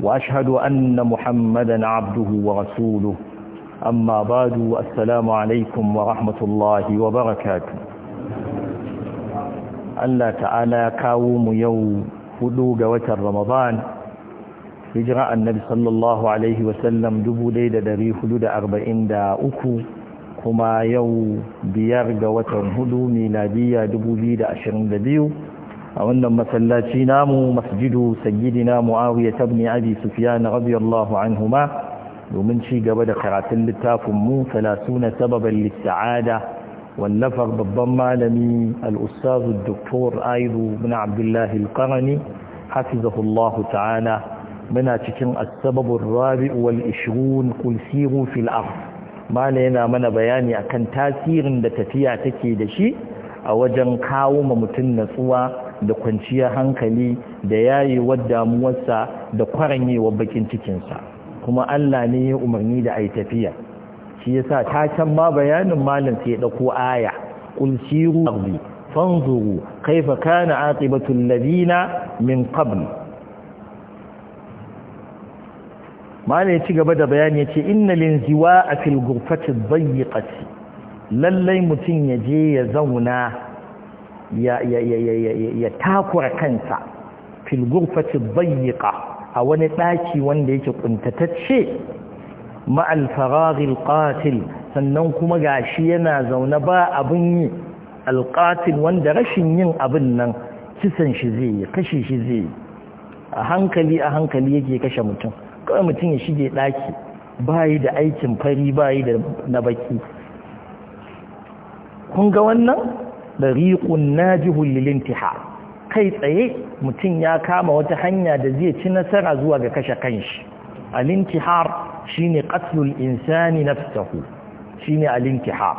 وأشهد أن محمدا عبده ورسوله أما بعد السلام عليكم ورحمة الله وبركاته Allah ta'ala kawo mu yau hudu ga watan Ramadan hijira annabi sallallahu alaihi wasallam 1443 kuma yau biyar ga watan hudu miladiya biyu. a wannan masallaci namu masjidu sayyidina muawiya ibn abi sufyan radiyallahu anhuma domin ci gaba da karatun littafin mu 30 sababan lis wallafar babban malami al-ustaz dr aidu ibn abdullah ta'ala muna cikin as rabi' wal-20 qul siru fil ardh mala yana mana bayani akan tasirin da tafiya take da shi a wajen kawo ma mutum natsuwa da kwanciya hankali da yayewar damuwarsa da kwaranyewar bakin cikinsa kuma Allah ne ya umarni da a yi tafiya shi ya sa ta can ma bayanin malam sai ya dauko aya qul siru fanzuru kaifa kana aqibatu ladina min qabl malam ya ci gaba da bayani ya ce, yace innal a fil ghurfati dhayyiqati lallai mutum ya je ya zauna ya takura kansa fil gurfati a wani ɗaki wanda yake kuntatacce ma al sannan kuma gashi yana zaune ba abun yi al wanda rashin yin abin nan kisan shi zai yi kashe shi zai yi a hankali a hankali yake kashe mutum kawai mutum ya shige daki bayi da aikin fari bayi da na baki kun ga wannan ɗariƙun ji lil kai tsaye mutum ya kama wata hanya da zai ci nasara zuwa ga kashe kanshi al shi shine qatlul insani Shi ne a intihar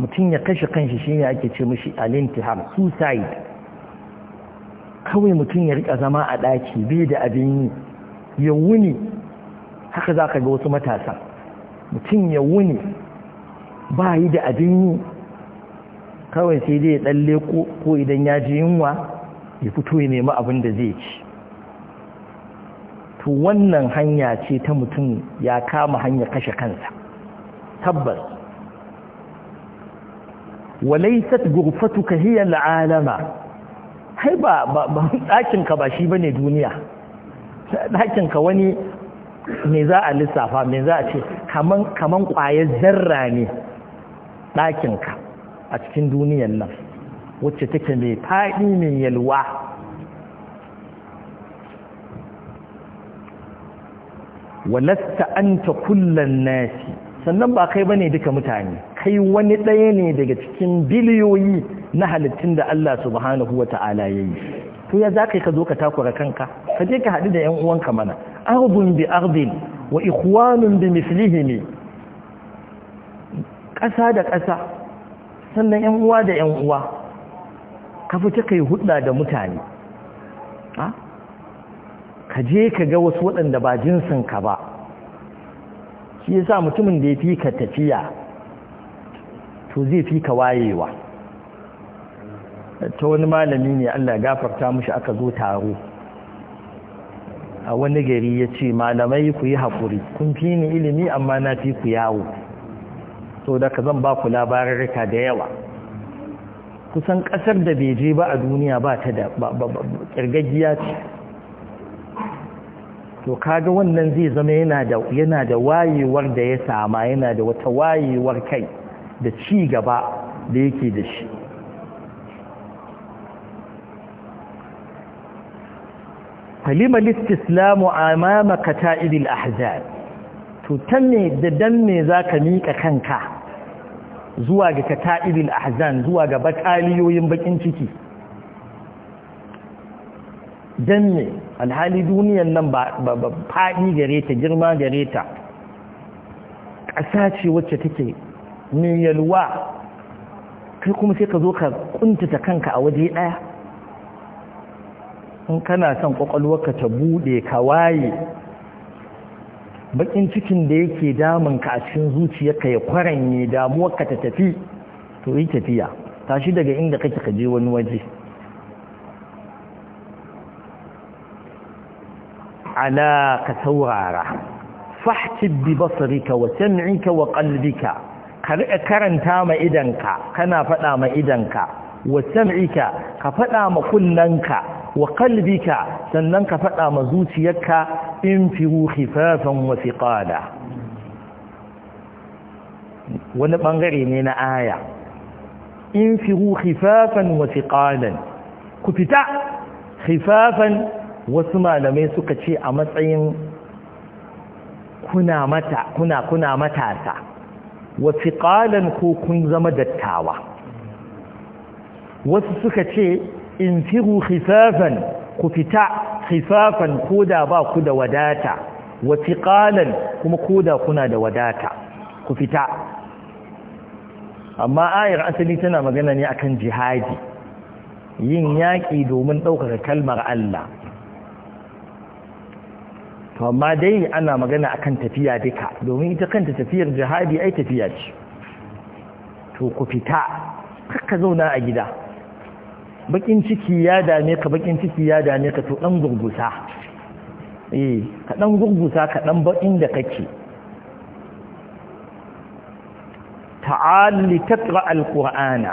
mutum ya kashe kanshi shine ake ce mishi al-intihar suicide kawai mutum ya rika zama a ɗaki bai da abin yi ya wuni haka za ka ga wasu matasa mutum ya wuni ba yi da abin yi kawai sai dai ya ɗalle ko idan ya ji yunwa ya fito ya nemi abin da zai ci to wannan hanya ce ta mutum ya kama hanya kashe kansa tabbas walaisat gurfatuka hiya al'alama hai ba dakin ka ba shi bane duniya Dakin ka wani me za a lissafa me za a ce kaman kaman zarra ne dakin ka a cikin duniyar nan wacce take mai faɗi mai yalwa walasta anta kullan nasi sannan ba kai bane duka mutane kai wani ɗaya ne daga cikin biliyoyi na halittun da Allah subhanahu wa ta'ala ya yi to ya za ka ka zo ka takura kanka ka je ka haɗu da 'yan uwanka mana arbun bi ardin wa ikhwanun bi mislihimi ƙasa da ƙasa sannan yan uwa da yan uwa ka fita kai hudda da mutane ka je ka ga wasu waɗanda ba jinsin ka ba shi yasa mutumin da ya ka tafiya to zai fi ka wayewa ta wani malami ne Allah gafarta mushi aka zo taro a wani gari ya ce malamai ku yi haƙuri kun fi ni ilimi amma na fi ku yawo so da ka zan ba ku labararrika da yawa kusan ƙasar da bai je ba a duniya ba ta da kirgaggiya ce to kaga wannan zai zama yana da wayewar da ya sama yana da wata wayewar kai da ci gaba da yake da shi falima listislamu amama kata'idil ahzab to tanne da dan me ka mika kanka zuwa ga kata'ibin ahzan zuwa ga bataliyoyin bakin ciki dan ne alhali duniyan nan ba faɗi gare ta girma gare ta ƙasa ce wacce take mai yalwa kai kuma sai ka zo ka kuntata kanka a waje ɗaya in kana son ƙwaƙwalwarka ta buɗe ka waye bakin cikin da yake ka a cikin zuciyarka ya kwaranye damuwarka ta tafi to yi tafiya tashi daga inda kake kaje wani waje ala ka saurara fahtib bi basarika wa sam'ika wa qalbika karanta ma idanka kana fada ma idanka wa sam'ika ka faɗa ma kunnanka wa qalbika sannan ka faɗa ma zuciyarka in firu khifafan wa thiqala wani bangare ne na aya in firu khifafan wa thiqalan ku fita khifafan wasu malamai suka ce a matsayin kuna mata kuna kuna matasa wa thiqalan ko kun zama dattawa wasu suka ce in firu hisafan ku fita ko koda ba ku da wadata wa tiqalan kuma koda kuna da wadata ku fita amma ayar asali tana magana ne akan jihadi yin yaƙi domin ɗaukaka kalmar Allah to amma dai ana magana akan tafiya duka domin ita kanta tafiyar jihadi ai tafiya ce to ku fita kakka zauna a gida bakin ciki ya dame ka bakin ciki ya dame ka to dan gurgusa eh ka dan gurgusa ka dan bakin da kake ta'al li taqra alqur'ana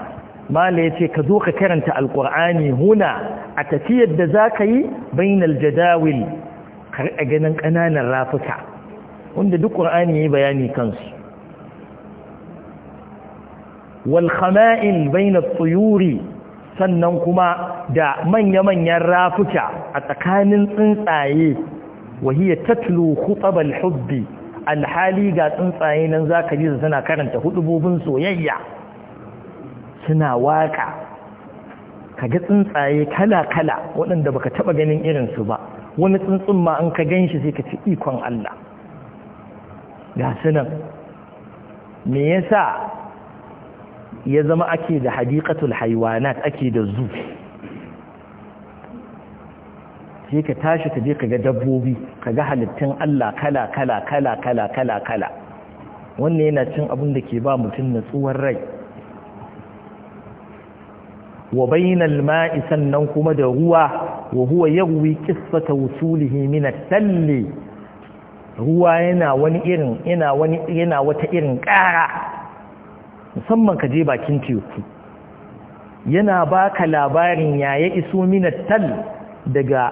mala yace ka zo ka karanta alqur'ani huna a tafiyar da zaka yi bainal jadawil kar a ganin kananan rafuka wanda duk qur'ani yayi bayani kansu wal khama'il bainat tuyuri sannan kuma da manya-manyan rafuka a tsakanin tsuntsaye wahiyar tattalo khutabar hubbi alhali ga tsuntsaye nan za ka jisa suna karanta hudubobin soyayya suna waka ka ga tsuntsaye kala-kala waɗanda ba ka taɓa ganin irinsu ba wani tsuntsun ma an ka gan shi sai ka ci ikon Allah ga sunan me yasa ya zama ake da hadiqatul haiwanat ake da zu sai ka tashi ka je ka ga dabbobi ka ga halittun Allah kala kala kala kala kala kala wannan yana cin abin da ke ba mutum natsuwar rai wa bainal ma'i sannan kuma da ruwa wa huwa yagwi qissata wusulihi min at-talli ruwa yana wani irin yana wani yana wata irin ƙara musamman ka je bakin teku yana baka labarin ya ya iso tal daga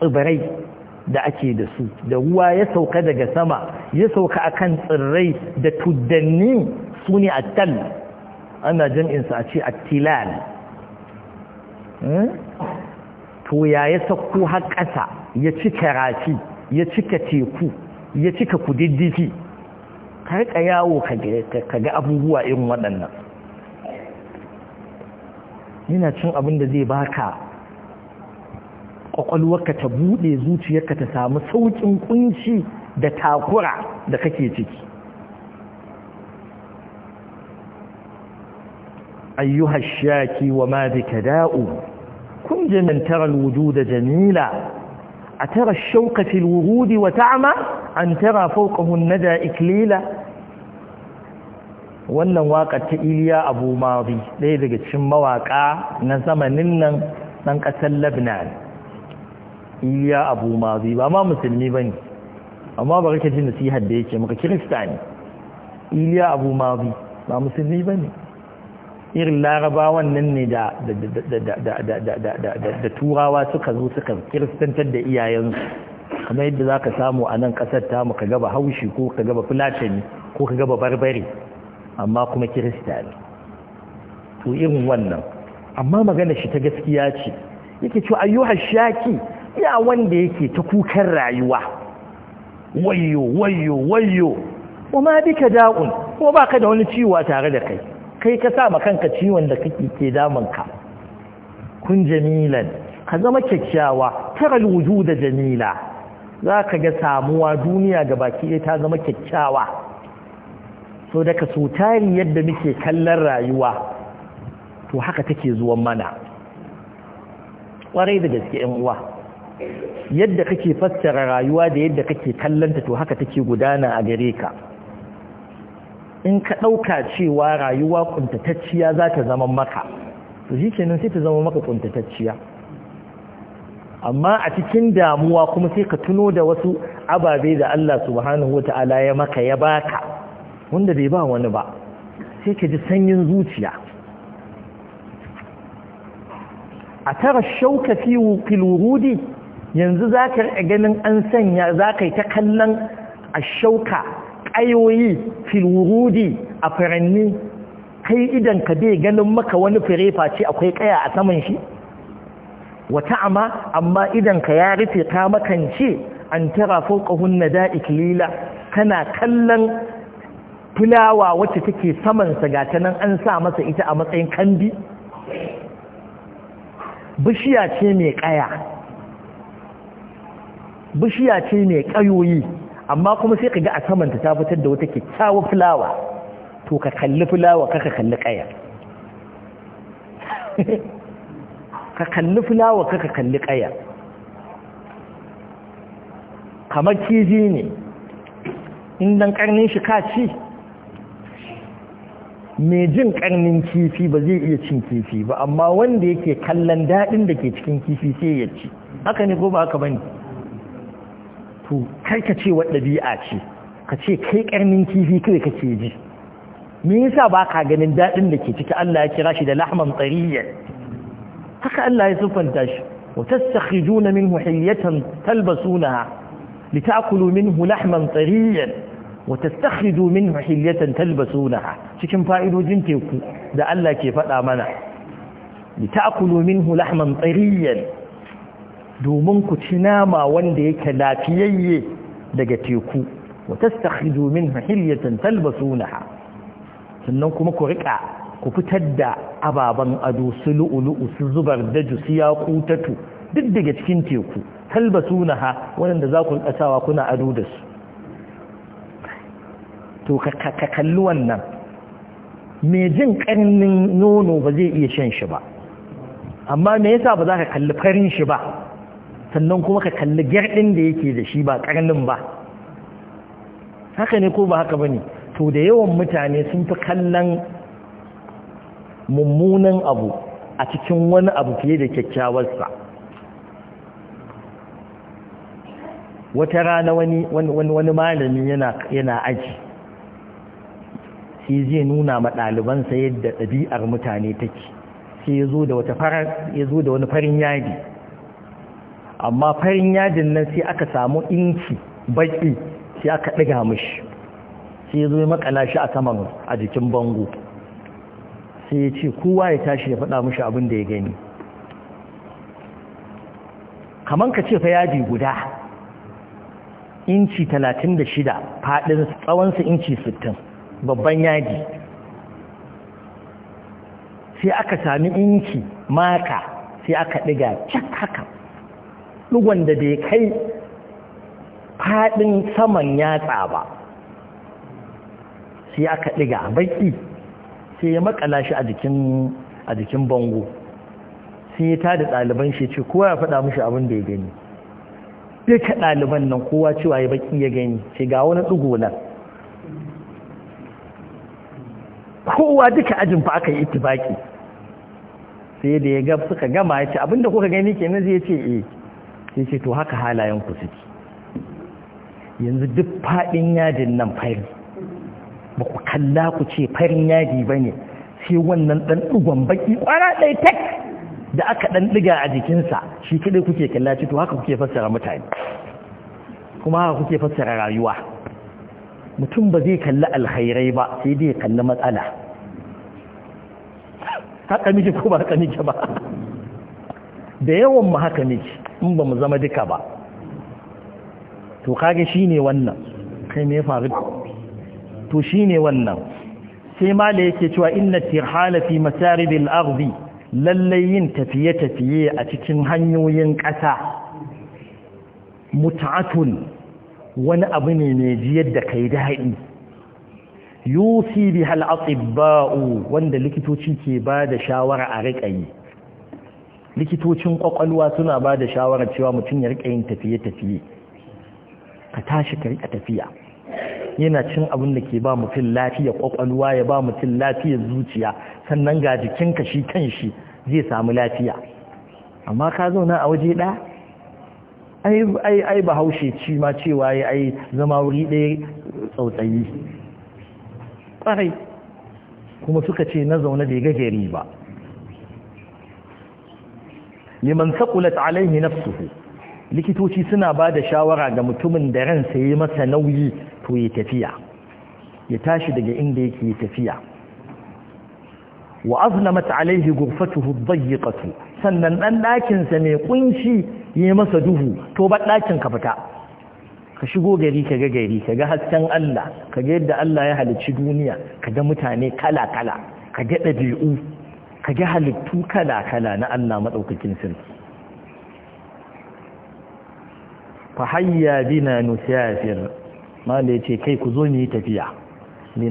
tsibirai da ake da su da ruwa ya sauka daga sama ya sauka a kan tsirrai da tuddanni su ne tal. ana jam'insa a ce tilal hmm? to ya ya sauko har ƙasa ya cika rafi ya cika teku ya cika kudiddifi ka yawo ka ga abubuwa irin waɗannan yana cin abin da zai baka ƙwaƙwalwarka ta buɗe ka ta samu sauƙin kunshi da takura da kake ciki ayyuhar shaki wa ma da da'u kun jamantarar wujuda jamila أترى الشوق في الورود وتعمى أن ترى فوقه الندى إكليلا wannan waƙar ta iliya abu mazi ɗaya daga cikin mawaka na zamanin nan ɗan ƙasar lebanon iliya abu mazi ba ma musulmi bane, amma ba rike ji nasihar da yake maka kirista ne iliya abu mazi ba musulmi bane. irin larabawan nan ne da da turawa suka zo suka kiristantar da iyayensu kamar yadda za ka samu a nan ƙasar tamu ka gaba haushi ko ka gaba fulatani ko ka gaba barbare amma kuma kirista to irin wannan amma magana shi ta gaskiya ce yake cewa ayyuhar shaki ya wanda yake ta kukan rayuwa wayo wayo wayo wa bika da'un kuma baka da wani ciwo tare da kai kai ka sa ma kanka ciwon da kake ke damunka kun jamilan ka zama kyakkyawa tara da jamila za ka ga samuwa duniya ga baki ɗaya ta zama kyakkyawa so daga so tari yadda muke kallon rayuwa to haka take zuwan mana ƙwarai da gaske ‘yan uwa yadda kake fassara rayuwa da yadda kake kallonta to haka take gudana a gare ka in ka ɗauka cewa rayuwa ƙuntatacciya za ta zama maka to shi kenan sai ta zama maka ƙuntatacciya. amma a cikin damuwa kuma sai ka tuno da wasu ababe da Allah subhanahu wa ta'ala ya maka ya baka wanda bai ba wani ba sai ka ji sanyin zuciya a tara shauka fi wurudi yanzu za ka ganin an sanya za ka yi ta kallon a shauka ayoyi fil wurudi a furanni kai idan ka bai ganin maka wani fure face akwai kaya a saman shi wata ama amma idan ka ya rufe ka makance an tara fawqahun nada'ik iklila kana kallon fulawa wacce take saman sa gata nan an sa masa ita a matsayin kambi bishiya ce mai kaya bishiya ce mai kayoyi amma kuma sai ka ga a samanta ta fitar da wata kyakkyawa fulawa to ka kalli fulawa ka kalli kaya ka kalli fulawa ka kalli kaya kamar kifi ne in karnin shi ka ci mai jin karnin kifi ba zai iya cin kifi ba amma wanda yake kallon daɗin da ke cikin kifi sai ya ci haka ne ko ba haka bane to kai ka ce wa ɗabi'a ce ka ce kai ƙarnin kifi kai kake ji me yasa ba ka ganin daɗin da ke ciki Allah ya kira shi da lahman tsariya haka Allah ya siffanta shi wa tastakhrijuna minhu hilyatan talbasunaha litakulu minhu lahman tsariya wa tastakhriju minhu hilyatan talbasunaha cikin fa'idojin teku da Allah ke faɗa mana litakulu minhu lahman tsariya domin ku ci nama wanda yake lafiyayye daga teku wata stakhidu min hilyatan naha sannan kuma ku rika ku fitar da ababan ado su lu'ulu'u su zubar da su yakutatu duk daga cikin teku talbasunaha wanda za ku rika sawa kuna ado da su to ka kalli wannan Me jin karnin nono ba zai iya shan shi ba amma me yasa ba za ka kalli farin shi ba sannan kuma ka kalli gyardin da yake da shi ba karnin ba haka ne ko ba haka ba ne? to da yawan mutane sun fi kallon mummunan abu a cikin wani abu fiye da kyakkyawarsa wata rana wani wani malami yana aji sai zai nuna ma ɗalibansa yadda ɗabi'ar mutane take sai ya zo da wani farin yadi amma farin yajin nan sai aka samu inci baki sai aka ɗiga mishi sai ya zo ya makala shi a saman a jikin bango sai ya ce kowa ya tashi ya faɗa mishi abin da ya gani kaman ka ce fa yaji guda inci talatin da shida faɗin tsawonsa inci sittin babban yaji sai aka sami inci maka sai aka ɗiga cak haka Dugon da bai kai faɗin saman yatsa ba sai aka ɗiga baƙi sai ya makala shi a jikin bango sai ya tada ɗaliban shi ce kowa ya faɗa mashi abin da ya gani duka ɗaliban nan kowa cewa ya baƙi ya gani ce ga wani ɗigo nan kowa duka ajin fa aka yi itibaki sai da ya gab suka gama ya ce abinda kuka gani kenan zai ce eh sai ce to haka halayen ku suke yanzu duk faɗin yadin nan fari ba ku kalla ku ce farin yadi ba ne sai wannan ɗan ɗigon baƙi ƙwara ɗaya tak da aka ɗan ɗiga a jikinsa shi kaɗai kuke kalla ce to haka kuke fassara mutane kuma haka kuke fassara rayuwa mutum ba zai kalli alkhairai ba sai dai kalli matsala haka miki ko ba haka miki ba da yawan mu haka miki in ba mu zama duka ba to kage shi ne wannan kai me faru to shi ne wannan sai mala yake cewa inna tirhala fi masaribil ardi lallai yin tafiye-tafiye a cikin hanyoyin ƙasa mut'atun wani abu ne mai jiyar da kai daɗi yusi bi atibba'u wanda likitoci ke ba da shawara a riƙayi likitocin kwakwalwa suna ba da shawarar cewa mutum ya rika yin tafiye-tafiye ka tashi ka riƙa tafiya yana cin abin da ke ba mutum lafiya kwakwalwa ya ba mutum lafiyar zuciya sannan ga jikin ka shi kan shi zai samu lafiya amma ka zauna a waje ɗaya ai ai bahaushe ci ma cewa ya ai zama wuri ɗaya tsautsayi ƙwarai kuma suka ce na zaune bai gajeri ba liman saqulat alaihi nafsuhu likitoci suna ba da shawara ga mutumin da ransa yi masa nauyi to ya tafiya ya tashi daga inda yake tafiya wa aznamat alaihi ghurfatuhu ad sannan dan dakin sa mai kunshi yayi masa duhu to ba dakin ka fita ka shigo gari ka ga gari ka ga hasken Allah ka ga yadda Allah ya halicci duniya ka ga mutane kala kala ka ga dabi'u ka ga halittu kala-kala na Allah maɗaukakin sarki fahayya bina nusafir mala ya ce kai ku zo mu yi tafiya li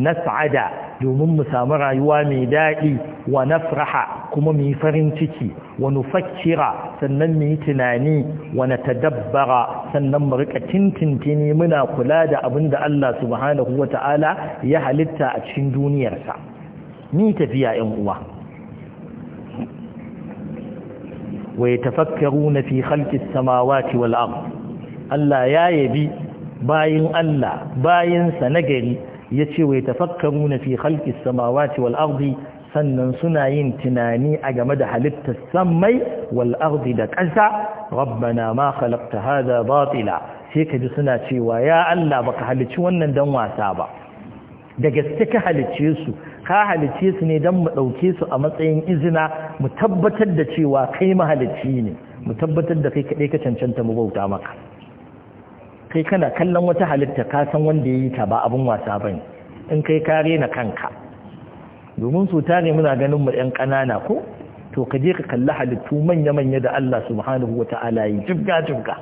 domin mu samu rayuwa mai daɗi wa nafraha kuma mu yi farin ciki wa nufakkira sannan mu yi tunani wa natadabbara sannan mu rika tintintini muna kula da abin da Allah subhanahu wata'ala ya halitta a cikin duniyarsa ni tafiya 'yan uwa ويتفكرون في خلق السماوات والأرض الله يا يبي باين الله باين سنجري يتي ويتفكرون fi خلق samawati والأرض sannan suna yin tunani a game da halittar sammai wal da ƙasa rabbana ma khalaqta hadha batila sai ka ji suna cewa ya Allah baka halicci wannan dan wasa ba da gaske ka halicce su ka halicce su ne don mu ɗauke su a matsayin izina mu tabbatar da cewa kai mahalicci ne mu tabbatar da kai kaɗai ka cancanta mu bauta maka kai kana kallon wata halitta ka san wanda ya yi ta ba abin wasa ba ne in kai ka rena kanka domin su tare muna ganin mu ɗan ƙanana ko to ka je ka kalli halittu manya-manya da Allah subhanahu wa Ta'ala yi jibga-jibga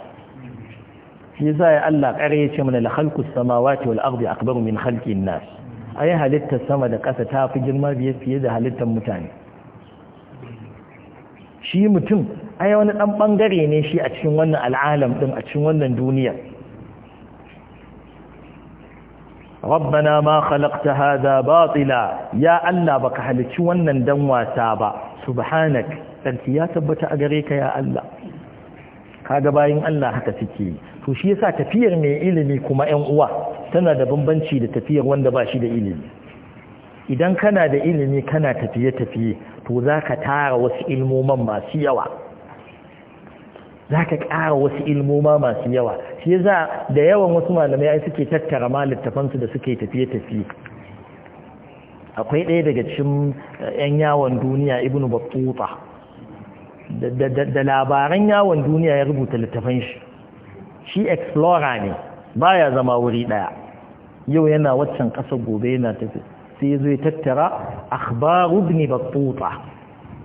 shi za ya Allah ƙare ya ce mana la halkus samawati wal ardi akbaru min halkin nas ai halittar sama da ƙasa ta fi girma biye fiye da halittar mutane shi mutum a yi wani ɗan ɓangare ne shi a cikin wannan al'alam ɗin a cikin wannan duniyar rabbana ma khalaqta hadha batila ya Allah baka halicci wannan dan wasa ba subhanak sarki ya tabbata a gare ka ya Allah kaga bayin Allah haka suke to shi yasa tafiyar mai ilimi kuma ƴan uwa tana da bambanci da tafiyar wanda ba shi da ilimi idan kana da ilimi kana tafiye-tafiye to za ka tara wasu ilmoman masu yawa za ka ƙara wasu ilmoma masu yawa shi za da yawan wasu malamai ai suke tattara ma da suke tafiye-tafiye akwai ɗaya daga cikin ƴan eh, yawon duniya ibnu battuta da labaran yawon duniya ya rubuta littafan shi shi explorer ne baya zama wuri ɗaya yau yana waccan ƙasa gobe yana tafi sai ya zo ya tattara akhbaru ibn battuta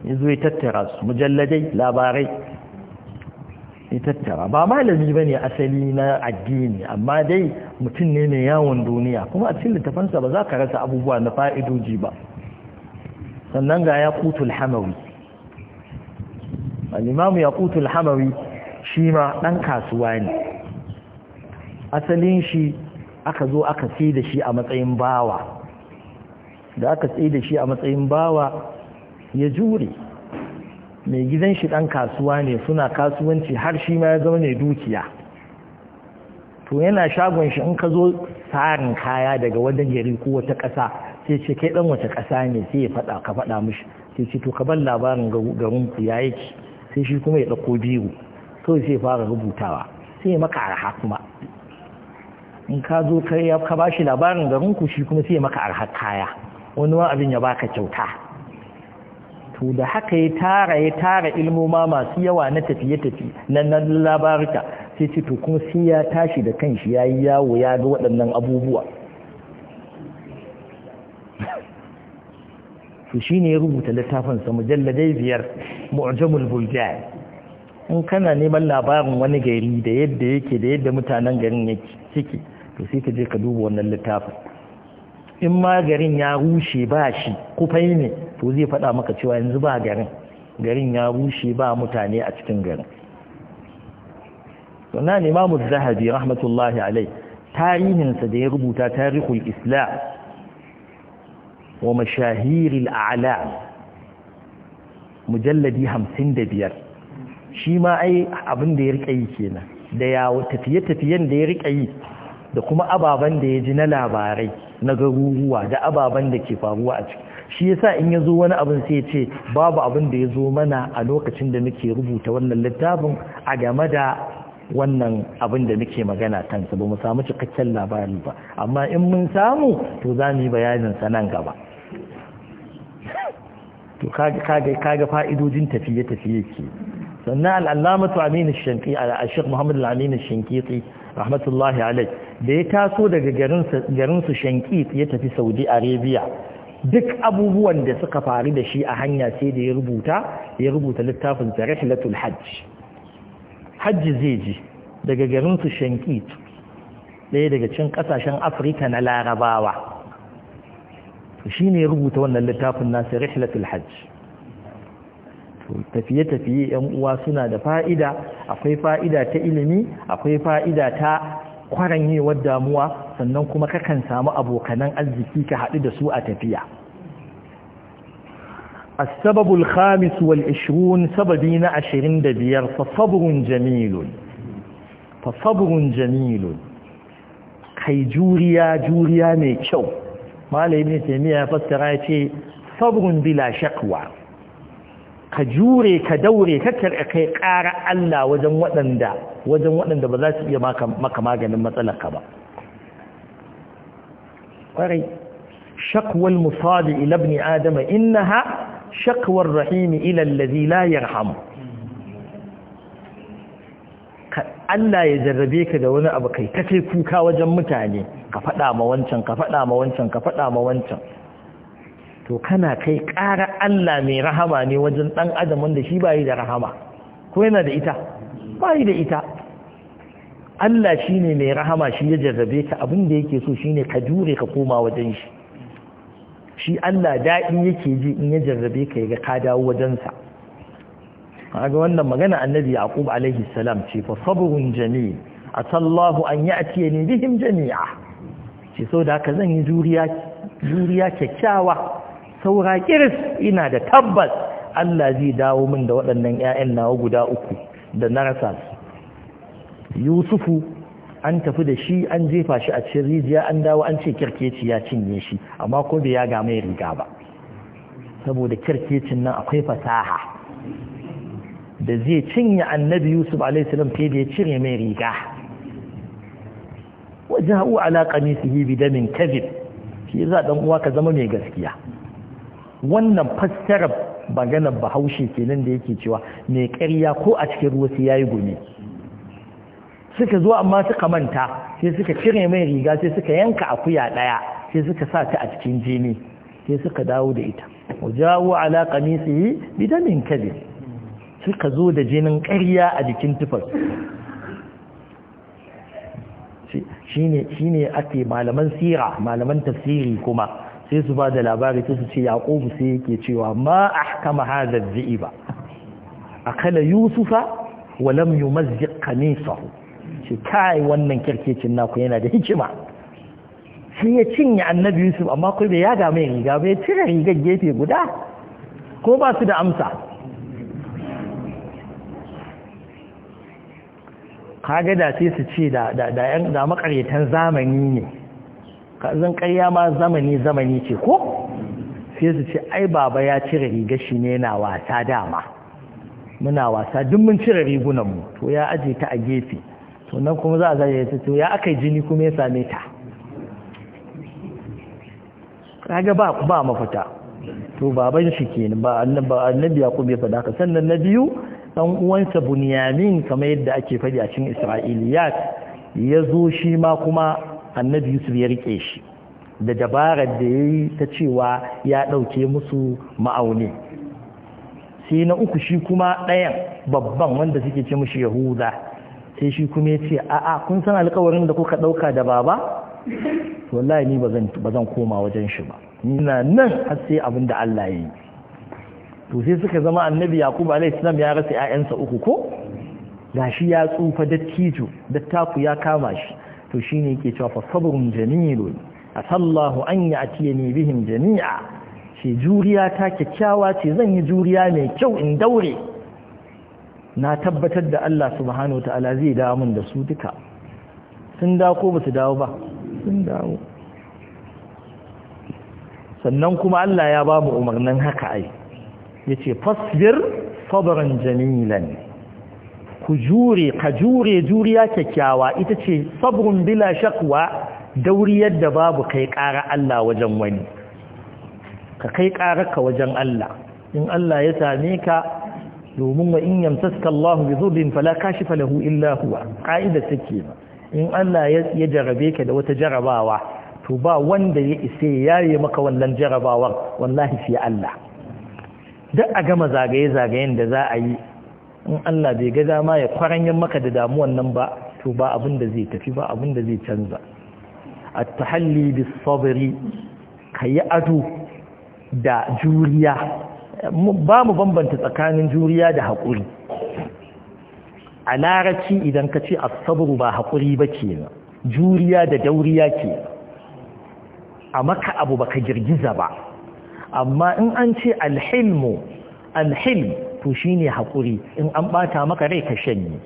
ya zo ya tattara su mujalladai labarai ya tattara ba malami bane asali na addini amma dai mutum ne mai yawon duniya kuma a cikin littafansa ba za ka rasa abubuwa na fa'idoji ba sannan ga yaqutul hamawi al-imam yaqutul hamawi shi ma dan kasuwa ne asalin shi aka zo aka tsi da shi a matsayin bawa da aka sai da shi a matsayin bawa ya jure mai gidan shi ɗan kasuwa ne suna kasuwanci har shi ma ya zama ne dukiya to yana shagon shi in ka zo tsarin kaya daga wajen gari ko wata ƙasa sai ce kai dan wata ƙasa ne sai ya faɗa ka faɗa mishi sai ce to ka bar labarin garin ku ya yake sai shi kuma ya ɗauko biyu to sai fara rubutawa sai maka arha kuma in ka zo ka ba shi labarin garinku shi kuma sai ya maka arhar kaya wani ma abin ya baka kyauta to da haka ya tara ya tara ilmoma masu yawa na tafiye-tafi na nan labarika sai ce to kuma sai ya tashi da kanshi ya yi yawo ya ga waɗannan abubuwa to shi ya rubuta littafinsa mujalladai biyar mu'jamul Buljai. in kana neman labarin wani gari da yadda yake da yadda mutanen garin yake to sai ka je ka duba wannan littafin in ma garin ya rushe ba shi kufai ne to zai faɗa maka cewa yanzu ba garin garin ya rushe ba mutane a cikin garin sannan imamu zahabi rahmatullahi alai tarihinsa da ya rubuta tarihul islam wa mashahiril a'lam mujalladi hamsin da biyar shi ma ai abin da ya riƙa yi kenan da ya tafiye-tafiyen da ya riƙa yi da kuma ababen da ya ji na labarai na garuruwa da ababen da ke faruwa a ciki shi yasa in ya zo wani abin sai ce babu abin da ya zo mana a lokacin da muke rubuta wannan littafin a game da wannan abin da muke magana kansa ba mu samu cikakken labari ba amma in mun samu to za mu yi bayanin sa nan gaba to kaga fa'idodin fa'idojin tafiye tafiye ke sannan al'allamatu aminu shanki a shek muhammadu aminu shankiti rahmatullahi alaihi da ya taso daga garinsu shankit ya tafi saudi arabia duk abubuwan da suka faru da shi a hanya sai da ya rubuta ya rubuta littafin zarihlatul hajj hajji zai ji daga garinsu shankit daya daga cin kasashen afirka na larabawa shi ne ya rubuta wannan littafin nasu rihlatul hajji tafiye-tafiye yan uwa suna da fa'ida akwai fa'ida ta ilimi akwai fa'ida ta kwaranyewar damuwa sannan kuma kakan samu abokanan arziki ka haɗu da su a tafiya السبب الخامس والعشرون سببين عشرين دبير فصبر جميل فصبر جميل كي جوريا جوريا ميكشو ما لابن تيمية فسر صبر بلا شقوى ka jure ka daure ka kai ƙara Allah wajen waɗanda wajen waɗanda ba za su iya maka maganin matsalarka ba ƙwarai shakwal musali ilabni adama ha shakwar rahimi ilallazi la yarhamu Allah ya jarrabe ka da wani abu kai ta kai kuka wajen mutane ka faɗa ma wancan ka faɗa ma wancan ka faɗa ma wancan to kana kai ƙara Allah mai rahama ne wajen ɗan adam wanda shi bayi da rahama ko yana da ita bayi da ita Allah shi ne mai rahama shi ya jarrabe ka abin da yake so shi ne ka jure ka koma wajen shi shi Allah daɗi yake ji in ya jarrabe ka ga ka dawo wajensa kaga wannan magana annabi yaqub alaihi salam ce fa sabrun jamil atallahu an ni bihim jami'a ce so da haka zan yi juriya juriya kyakkyawa saura kiris ina da tabbas Allah zai dawo min da waɗannan ‘ya'yan nawa guda uku da na rasa su yusufu an tafi da shi an jefa shi a cikin rijiya an dawo an ce kirkeci ya cinye shi amma ko bai ya ga mai riga ba saboda kirkecin nan akwai fasaha da zai cinye annabi yusuf alaihissalam fiye da ya cire mai riga wajen hau alaƙa ne su yi bidamin kazib shi za ɗan uwa ka zama mai gaskiya wannan fassarar maganar bahaushe kenan da yake cewa mai ƙarya ko a cikin ruwa sai yayi gumi suka zo amma suka manta sai suka cire mai riga sai suka yanka akuya daya sai suka sa ta a cikin jini sai suka dawo da ita wajawo ala qamisihi bidamin kadhib suka zo da jinin karya a jikin tufar shine shine ake malaman sira malaman tafsiri kuma sai su ba da labari sai su ce yaqubu sai yake cewa ma ahkama hadha dhiba akala yusufa wa lam yumazziq qamisahu shi kai wannan kirkicin naku yana da hikima sai ya cinye annabi yusuf amma kai bai yaga mai riga bai cire rigar gefe guda ko ba su da amsa kaga da sai su ce da da da zamani ne zan karya ma zamani zamani ce ko sai ce ai baba ya cire riga shi ne na wasa dama muna wasa duk mun cire rigunan mu to ya aje ta a gefe to nan kuma za a zai ta to ya aka jini kuma ya same ta kaga ba ba mafita to baban shi kenan ba annabi ya kuma faɗa ka sannan na biyu dan uwansa bunyamin kamar yadda ake fadi a cikin isra'iliyat ya zo shi ma kuma annabi yusuf ya rike shi da dabarar da ya yi ta cewa ya ɗauke musu ma'auni sai na uku shi kuma ɗayan babban wanda suke ce mushi yahuda sai shi kuma ya ce a'a kun san alkawarin da kuka ɗauka da baba wallahi ni ba zan koma wajen shi ba Ina nan har sai abin da Allah ya yi to sai suka zama annabi yakubu alaihi ya rasa 'ya'yansa uku ko gashi ya tsufa dattijo dattaku ya kama shi to shine ke cewa fa sabrun jamilun asallahu an ya'tiyani bihin jami'a shi juriya ta kyakkyawa ce zan yi juriya mai kyau in daure na tabbatar da Allah subhanahu ta'ala zai dawo min da su duka sun dawo ba su dawo ba sun dawo sannan kuma Allah ya ba mu umarnin haka ai yace fasbir sabran jamilan ku jure ka jure juriya kyakkyawa ita ce sabrun bila shakwa dauri da babu kai ƙara Allah wajen wani ka kai ƙararka wajen Allah in Allah ya same ka domin wa in yamtaska Allah bi dhurrin fala kashifa lahu illa huwa ka'ida take in Allah ya jarabe ka da wata jarabawa to ba wanda ya ise yaye maka wannan jarabawar wallahi fi Allah duk a gama zagaye zagayen da za a yi in Allah bai ga dama ya kwaranyen maka da damuwan nan ba to ba abin da zai tafi ba abin da zai canza at-tahalli bis-sabri kayi adu da juriya ba mu bambanta tsakanin juriya da hakuri a larabci idan ka ce as-sabru ba hakuri ba kenan juriya da dauriya kenan a maka abu baka girgiza ba amma in an ce alhilmu hilmu to shine haƙuri in an ɓata maka rai ka shanye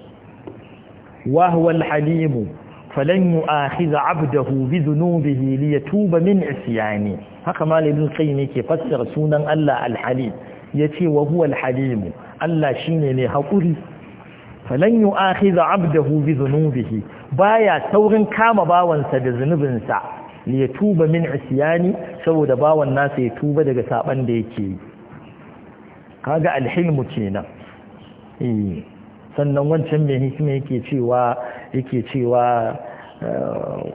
wahuwal halimu falan yu'akhiza 'abdahu bi dhunubihi liyatuba min isyani haka malamin ne ke fassara sunan Allah al-halim yace wa huwa Allah shine ne hakuri falan yu'akhiza 'abdahu bi dhunubihi baya saurin kama bawansa da zunubinsa tuba min isyani saboda bawan nasa ya tuba daga saban da yake yi kaga alhilmu kenan eh sannan wancan me hikima yake cewa yake cewa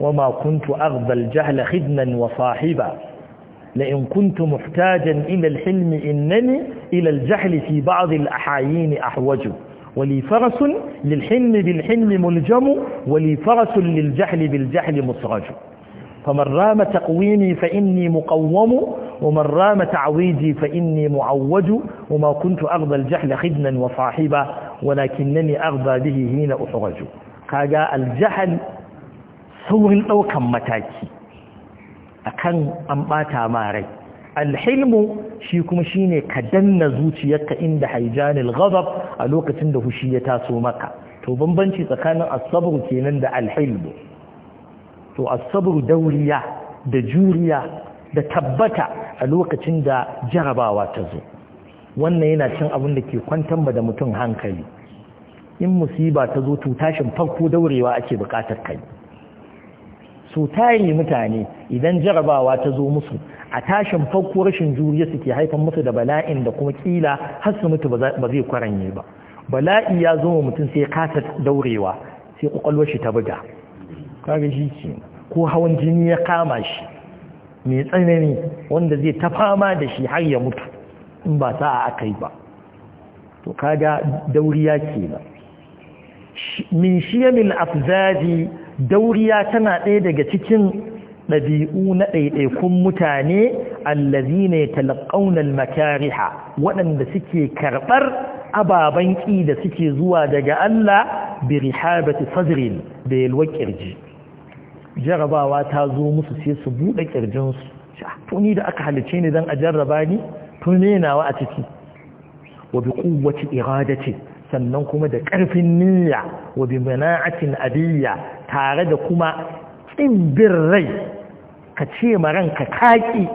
wa ma kuntu aghdal jahla khidman wa sahiba la in kuntu muhtajan ila alhilmi innani ila aljahli fi ba'd alahayin ahwaju ولي فرس للحلم بالحلم ملجم ولي فرس للجهل بالجهل مصرج فمن رام تقويمي فإني مقوم ومن رام تعويجي فإني معوج وما كنت أرضى الجهل خدنا وصاحبا ولكنني أرضى به حين أحرج كاجا الجهل سور أو كم متاكي أكن أمباتا ماري الحلم شيكم شيني كدن زوتيك عند حيجان الغضب الوقت عنده شيتا سومك to bambanci tsakanin asabar kenan da alhilmu to asabar dauriya da juriya da tabbata a lokacin da jarabawa ta zo wannan yana cin abin da ke kwantar ba da mutum hankali in musiba ta zo to tashin farko daurewa ake bukatar kai su yi mutane idan jarabawa ta zo musu a tashin farko rashin juriya suke haifan musu da bala'in da kuma kila har su mutu ba zai kwaranye ba bala'i ya zo wa mutum sai kasa daurewa sai kwakwalwar shi ta buga kaga shi ko hawan jini ya kama shi mai tsanani wanda zai ta fama da shi har ya mutu in ba sa'a aka yi ba to kaga dauriya ke ba min min afzaji dauriya tana ɗaya daga cikin ɗabi'u na ɗaiɗaikun mutane allazi ne talakaunar makariha waɗanda suke karɓar ababen ƙi da suke zuwa daga Allah bi rihabati fazirin da yalwar ƙirji jarabawa ta zo musu sai su buɗe ƙirjinsu to ni da aka halice ni don a jarraba ni to nawa a ciki wa bi kowace ce, sannan kuma da ƙarfin niyya wa bi mana'atin adiyya tare da kuma tsimbin rai ka ce ka kaƙi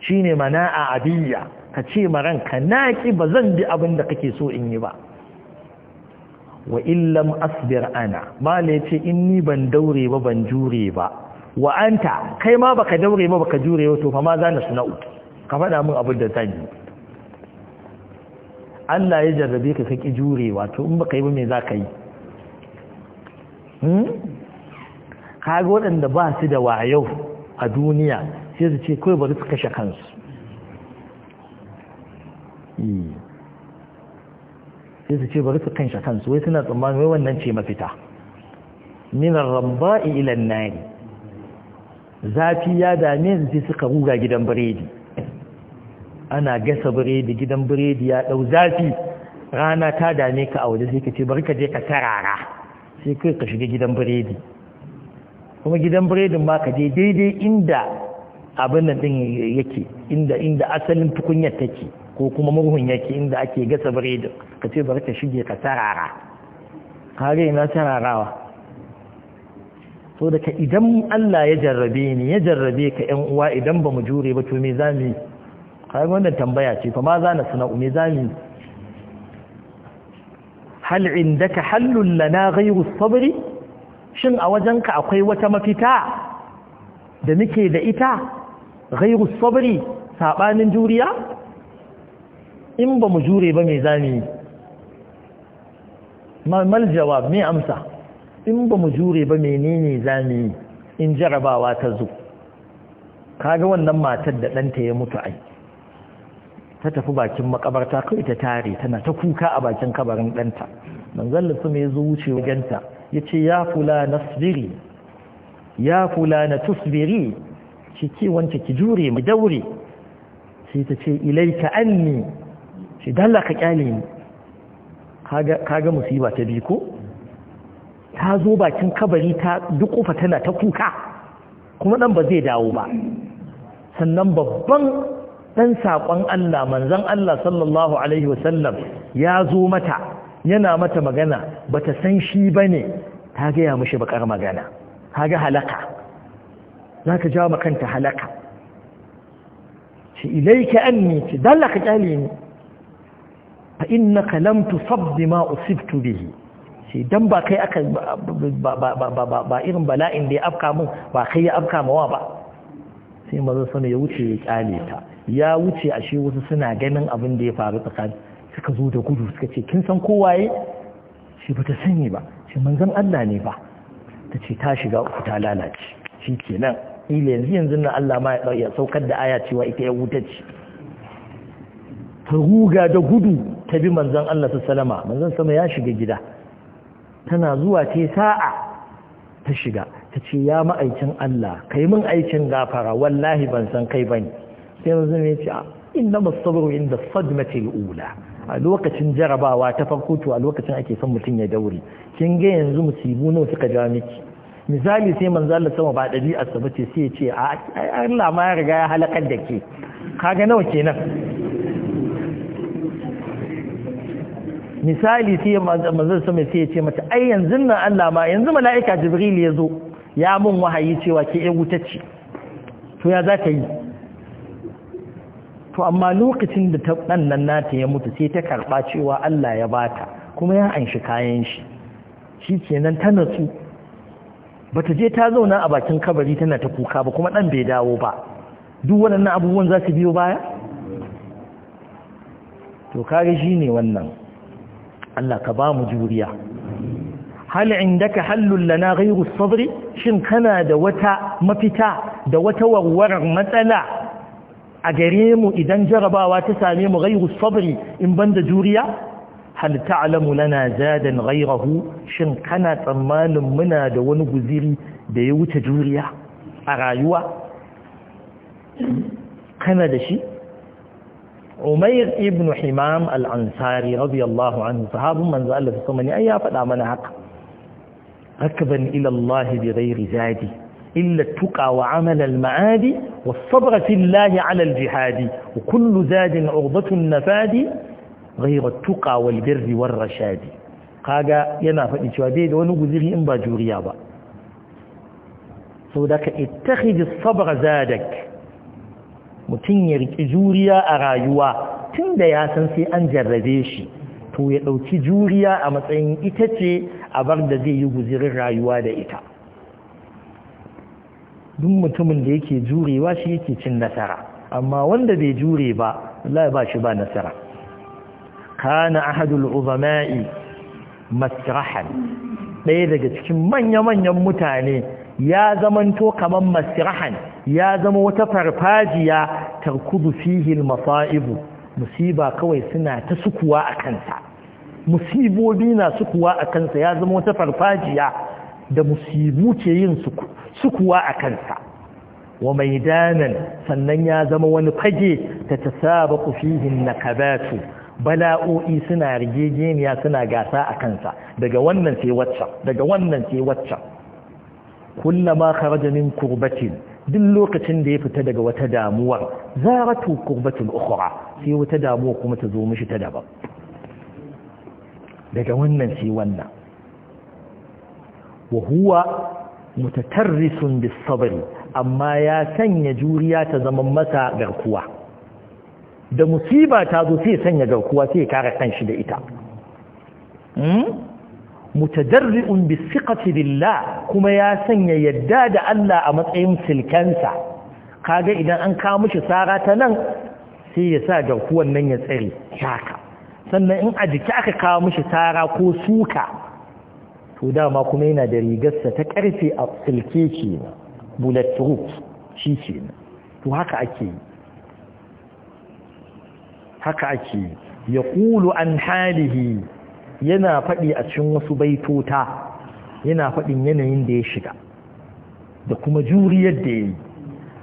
shine mana'a adiyya ka ce maranka naƙi ba zan bi abin da kake so in yi ba wa illam asbir ana mala yace inni ban daure ba ban jure ba wa anta kai ma baka daure ba baka jure ba to fa ma zana suna'u ka faɗa min abin da zan yi Allah ya jarrabe ka jure jurewa to in baka yi ba me zaka yi hmm kaga waɗanda ba su da wayo a duniya sai su ce kawai bari su kashe kansu sai su ce bari su kanshi kansu wai suna tsammanin wai wannan ce mafita minar ila ilan nari zafi ya dame su sai suka ruga gidan biredi ana gasa biredi gidan biredi ya dau zafi rana ta dame ka a waje sai ka ce bari ka je ka tarara sai kai ka shiga gidan biredi kuma gidan biredin ma ka je daidai inda abin nan din yake inda inda asalin tukunyar take ko kuma murhun yake inda ake gasa biredi ka ce bari ka shige ka tarara kare na tararawa so daga idan Allah ya jarrabe ni ya jarrabe ka ƴan uwa idan ba mu jure ba to me za mu kai wannan tambaya ce fa ma za na sana'u me za mu hal indaka halul lana ghayru sabri shin a wajenka akwai wata mafita da muke da ita ghayru sabri sabanin juriya in ba mu jure ba mai zami mal jawab mai amsa in ba mu jure ba menene zami in jarabawa ta zo kaga wannan matar da ɗanta ya mutu ai ta tafi bakin makabarta kawai ta tare tana ta kuka a bakin kabarin ɗanta manzon su mai zo wuce wajenta ya ce ya fula na sbiri ya fula na tusbiri ce ki wance ki jure mu daure sai ta ce ilaika anni shi dalla ka kyale ni kaga musiba ta bi ko ta zo bakin kabari ta duk dukufa tana ta kuka kuma dan ba zai dawo ba sannan babban dan sakon Allah manzon Allah sallallahu alaihi wasallam ya zo mata yana mata magana bata san shi bane ta ga ya mishi bakar magana kaga halaka zaka jawo kanta halaka shi ilayka anni dalla ka kyale ni fa innaka lam tusab bima usibtu bihi sai dan ba kai aka ba irin bala'in da ya afka mun ba kai ya afka mawa ba sai manzo sanu ya wuce ya kyale ta ya wuce a shi wasu suna ganin abin da ya faru tsakanin suka zo da gudu suka ce kin san kowaye shi ba ta sani ba shi manzon Allah ne ba ta ce ta shiga uku ta lalace shi kenan ila yanzu yanzu na Allah ma ya saukar da aya cewa ita ya wuta ce ta ruga da gudu ta bi manzan Allah ta salama manzan sama ya shiga gida tana zuwa ce sa'a ta shiga ta ce ya ma'aikin Allah kai min aikin gafara wallahi ban san kai bane sai manzan ya ce ah, inna masabaru inda sadmatil ula a lokacin jarabawa ta farko to a lokacin ake son mutum ya daure kin ga yanzu musibu nawa suka ja miki misali sai manzo Allah sama ba ɗabi'arsa ba ce sai ya ce ah, Allah ma ya riga ya halakar da ke kaga nawa kenan misali sai manzon sama sai ya ce mata ai yanzu nan Allah ma yanzu mala'ika Jibril ya zo ya mun wahayi cewa ke yan wuta ce to ya zaka yi to amma lokacin da ta dan nan nata ya mutu sai ta karba cewa Allah ya bata kuma ya anshi kayan shi shikenan ta natsu bata je ta zauna a bakin kabari tana ta kuka ba kuma dan bai dawo ba duk waɗannan abubuwan za su biyo baya to kare shine wannan Allah ka ba mu juriya hal indaka ka lana ghairu sabri shin kana da wata mafita da wata warwarar matsala a gare mu idan jarabawa ta same mu ghairu sabri in banda juriya hal ta'lamu lana zadan rairahu shin kana tsammanin muna da wani guziri da ya wuce juriya a rayuwa kana da shi عمير ابن حمام الأنصاري رضي الله عنه صحاب من زال في اي أيا فلا حق ركبا إلى الله بغير زاد إلا التقى وعمل المعادي والصبر في الله على الجهاد وكل زاد عرضة النفادي غير التقى والبر والرشاد قال قاقا ينافع إتواديد ونقذر إنباجوريابا سوداك اتخذ الصبر زادك mutum ya riƙi juriya a rayuwa tun da ya san sai an jarrabe shi to ya ɗauki juriya a matsayin ita ce a bar da zai yi guzirin rayuwa da ita duk mutumin da yake jurewa shi yake cin nasara amma wanda bai jure ba Allah ba shi ba nasara kana ahadul uzama'i masrahan ɗaya daga cikin manya-manyan mutane ya zamanto kaman masrahan ya zama wata farfajiya tarkudu fihi al musiba kawai suna ta sukuwa a kansa musibobi na sukuwa a kansa ya zama wata farfajiya da musibu ce yin sukuwa a kansa wa maidanan sannan ya zama wani fage ta tasabaku fihi nakabatu bala'o'i suna rigegeniya suna gasa a kansa daga wannan sai waccan daga wannan sai waccan kullama kharaja min kurbatin duk lokacin da ya fita daga wata damuwar zaratu kurbatin ukura sai wata damuwa kuma ta zo mishi ta daban daga wannan sai wannan wa huwa mutatarrisun bis sabri amma ya sanya juriya ta zaman masa garkuwa da musiba ta zo sai sanya garkuwa sai ya kare kanshi da ita mutajarri'un bi siqati billah kuma ya sanya yadda da Allah a matsayin silkansa kaga idan an kawo mishi sara ta nan sai ya sa garkuwan nan ya tsare shaka, sannan in a jiki aka kawo mishi sara ko suka to dama kuma yana da rigarsa ta karfe a silke ke bulletproof shi ke to haka ake yi haka ake yi an halihi yana faɗi a cikin wasu baitota yana faɗin yanayin da ya shiga da kuma juriyar da ya yi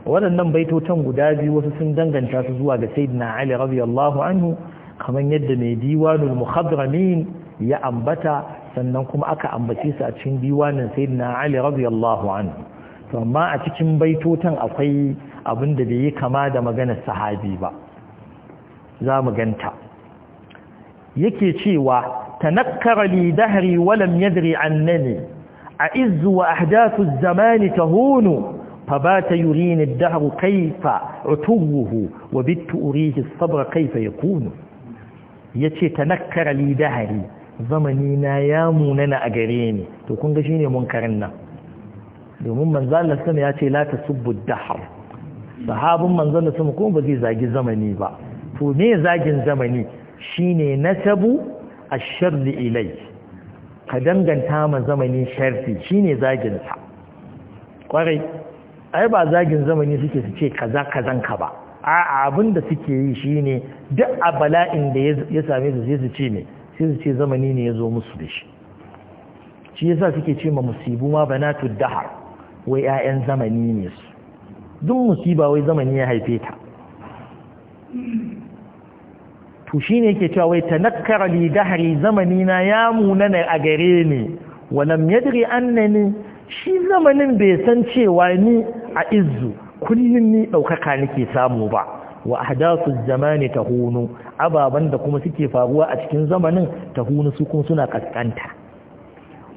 waɗannan baitotan guda biyu wasu sun danganta su zuwa ga sayyidina ali radiyallahu anhu kamar yadda mai diwanul muhadramin ya ambata sannan kuma aka ambace su a cikin diwanin sayyidina ali radiyallahu anhu to amma a cikin baitotan akwai abin da bai yi kama da maganar sahabi ba za mu ganta yake cewa تنكر لي دهري ولم يدري عنني أعز وأحداث الزمان تهون فبات يريني الدهر كيف عطوه وبت أريه الصبر كيف يكون يتي تنكر لي دهري زمني زمنينا يا موننا أجريني تكون جيني منكرنا يوم من زال السماء يتي لا تسب الدهر صحاب من زال السماء كون بزي زاجي زمني با فمي زاجي زمني شيني نسبو asharri ilai ka danganta ma zamanin sharri shine zagin sa kwarai ai ba zagin zamani suke su ce kaza kazan ka ba a abin da suke yi shine duk a bala'in da ya same su sai su ce ne sai su ce zamani ne ya musu da shi shi yasa suke ce ma musibu ma banatu dahar wai 'ya'yan zamani ne su duk musiba wai zamani ya haife ta to shi ne yake cewa wai tanakkara li dahri zamani na ya munana a gare ni wa lam yadri annani shi zamanin bai san cewa ni a izzu kullum ni daukaka nake samu ba wa ahdathu zamani tahunu ababan da kuma suke faruwa a cikin zamanin tahunu su kuma suna kaskanta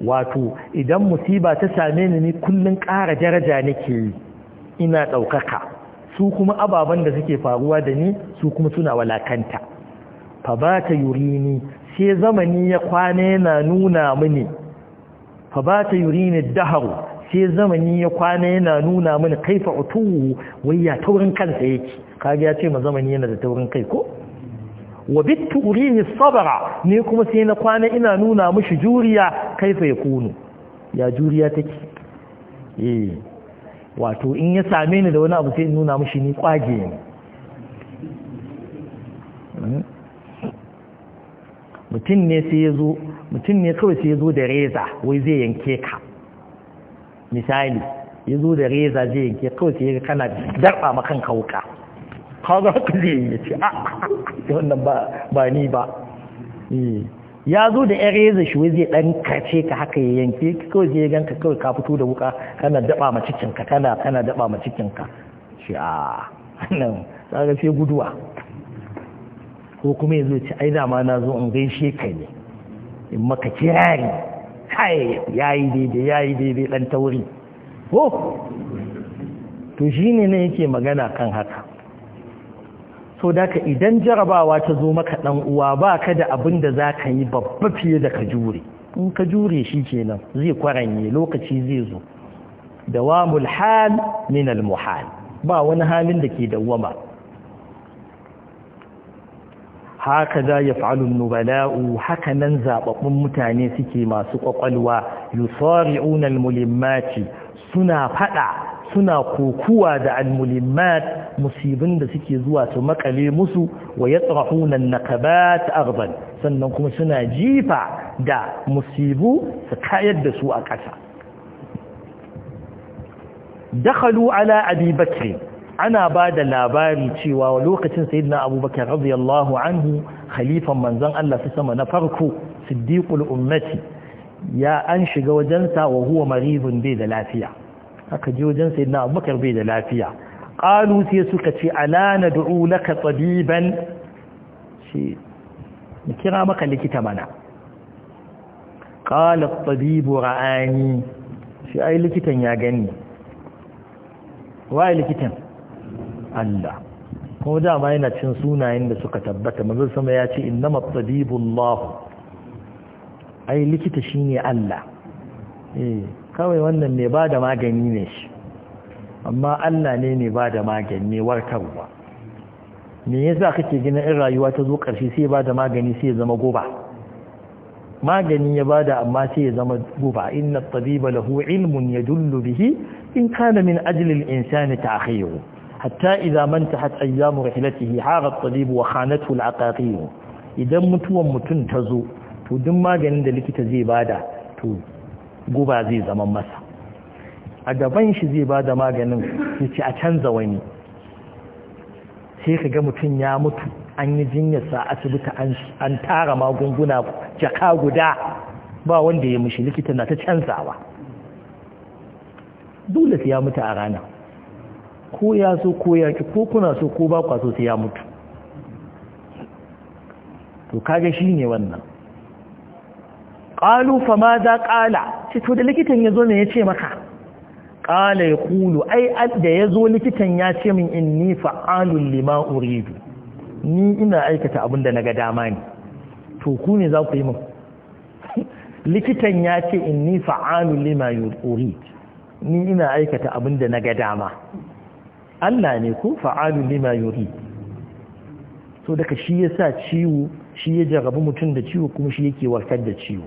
wato idan musiba ta same ni kullun ƙara daraja nake ina daukaka su kuma ababan da suke faruwa da ni su kuma suna walakanta fa ba ta yuri ni, sai zamani ya kwana yana nuna mini fa ba ta yuri ni daharu sai zamani ya kwana yana nuna mini kaifa utu wai ya taurin kansa yake kage ya ce ma zamani yana da taurin kai ko wa turi urihi sabra ne kuma sai na kwana ina nuna mishi juriya kaifa ya kunu ya juriya take eh wato in ya same ni da wani abu sai nuna mishi ni kwage ne hmm? mutum ne sai ya zo mutum ne kawai sai ya zo da reza wai zai yanke ka misali ya zo da reza zai yanke kawai sai ya kana darba makan kauka za haka zai yi ce a ah, wannan ba ni ba eh, ya zo da yan reza shi wai zai dan kace ka haka ya yanke kawai zai ka kawai ka fito da wuka kana daba ma cikinka kana kana daba ma cikinka shi a nan kaga sai guduwa ko kuma ya zo ci ai dama na zo in gaishe ka ne in maka kirari kai ya yi daidai ya yi daidai ɗan tauri ko to shi ne na yake magana kan haka so ka idan jarabawa ta zo maka ɗan uwa ba ka da abin da za ka yi babba fiye da ka jure in ka jure shi kenan zai kwaranye lokaci zai zo dawamul hal min al muhal ba wani halin da ke dawwama haka za ya fa'alun nubala'u haka nan zaɓaɓɓun mutane suke masu ƙwaƙwalwa yusari'un almulimmaci suna faɗa suna kokuwa da almulimmat musibin da suke zuwa su makale musu wa ya tsarahunan na ta arban sannan kuma suna jifa da musibu su kayar da su a ƙasa dakhalu ala abi bakri ana ba da labari cewa lokacin sayyidina abubakar radiyallahu anhu khalifan manzan Allah su sama na farko siddiqul ummati ya an shiga wajensa wa huwa maridun bai da lafiya aka je wajen sayyidina abubakar bai da lafiya qalu sai suka ce ala nad'u laka tsabiban shi mu kira maka likita mana qala tsabibu ra'ani shi ai likitan ya gani wai likitan Allah kuma dama yana cin sunayen da suka tabbata mazan sama ya ce innama tabibullah ai likita shi ne Allah eh, kawai wannan ne ba da magani ne shi amma Allah ne ba bada magani ne warkarwa me yasa kake gina in rayuwa ta zo ƙarshe sai ba da magani sai ya zama goba magani ya bada amma sai ya zama goba inna tabiba lahu ilmun dullu bihi in kana min ajilin insani ta ta'khiru hatta idza mantahat ayyamu rihlatihi haqa at-tabib wa khanathu al-aqaqir idan mutuwan mutun tazo to duk maganin da likita zai bada to guba zai zama masa a gaban shi zai bada maganin yace a canza wani sai kaga mutun ya mutu an yi jinyar sa asibiti an tara magunguna jaka guda ba wanda ya mishi likita na ta canzawa dole sai ya mutu a ranar ko ya so ko ya ki ko kuna so ko ba kwa so sai ya mutu to kaga shine wannan qalu fa ma za qala ce to da likitan yazo ne yace maka qala yaqulu ai da yazo likitan ya ce min inni fa'alun lima uridu ni ina aikata abinda naga dama ne to ku ne za ku yi min likitan ya ce inni fa'alun lima uridu ni ina aikata abinda naga dama Allah ne ko fa'alun lima yuri so daga shi ya sa ciwo shi ya jarabi mutum da ciwo kuma shi yake warkar da ciwo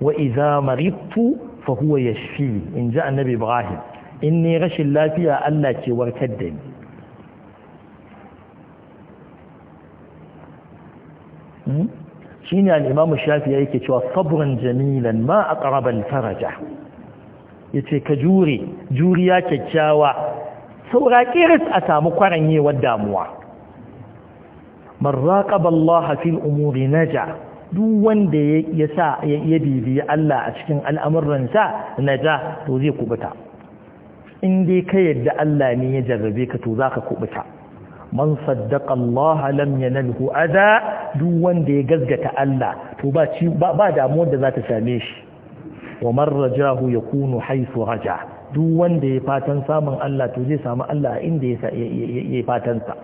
wa iza maritu fa huwa in ji annabi ibrahim in ne rashin lafiya Allah ke warkar da ni hmm? shine ne imamu shafi yake cewa sabran jamilan ma a al-faraja yace ka jure juriya kyakkyawa saura kiris a samu kwaranyewar damuwa man raqaba Allah fil umuri naja duk wanda ya sa ya bibiyi Allah a cikin al'amuransa naja to zai kubuta in dai ka yadda Allah ne ya jarrabe ka to zaka kubuta man saddaqa Allah lam yanalhu adha duk wanda ya gazgata Allah to ba ba damuwar da za ta same shi wa marrajahu ya yakunu haythu raja duk wanda ya fatan samun Allah to zai samu Allah inda ya fatansa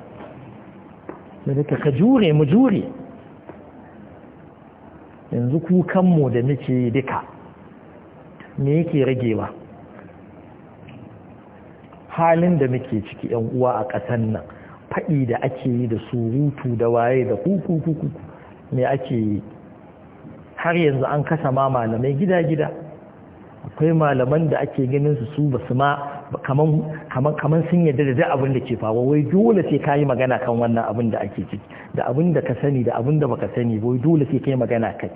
da ka jure mu jure yanzu kukanmu da muke duka me yake ragewa halin da muke ciki yan uwa a ƙasan nan faɗi da ake yi da surutu da waye da kukukuku me ake yi har yanzu an kasa ma malamai gida-gida akwai malaman da ake ganin su su basu ma kaman kaman sun yadda da duk abin da ke faruwa wai dole sai kayi magana kan wannan abin da ake ciki da abin da ka sani da abin da baka sani wai dole sai kai magana kai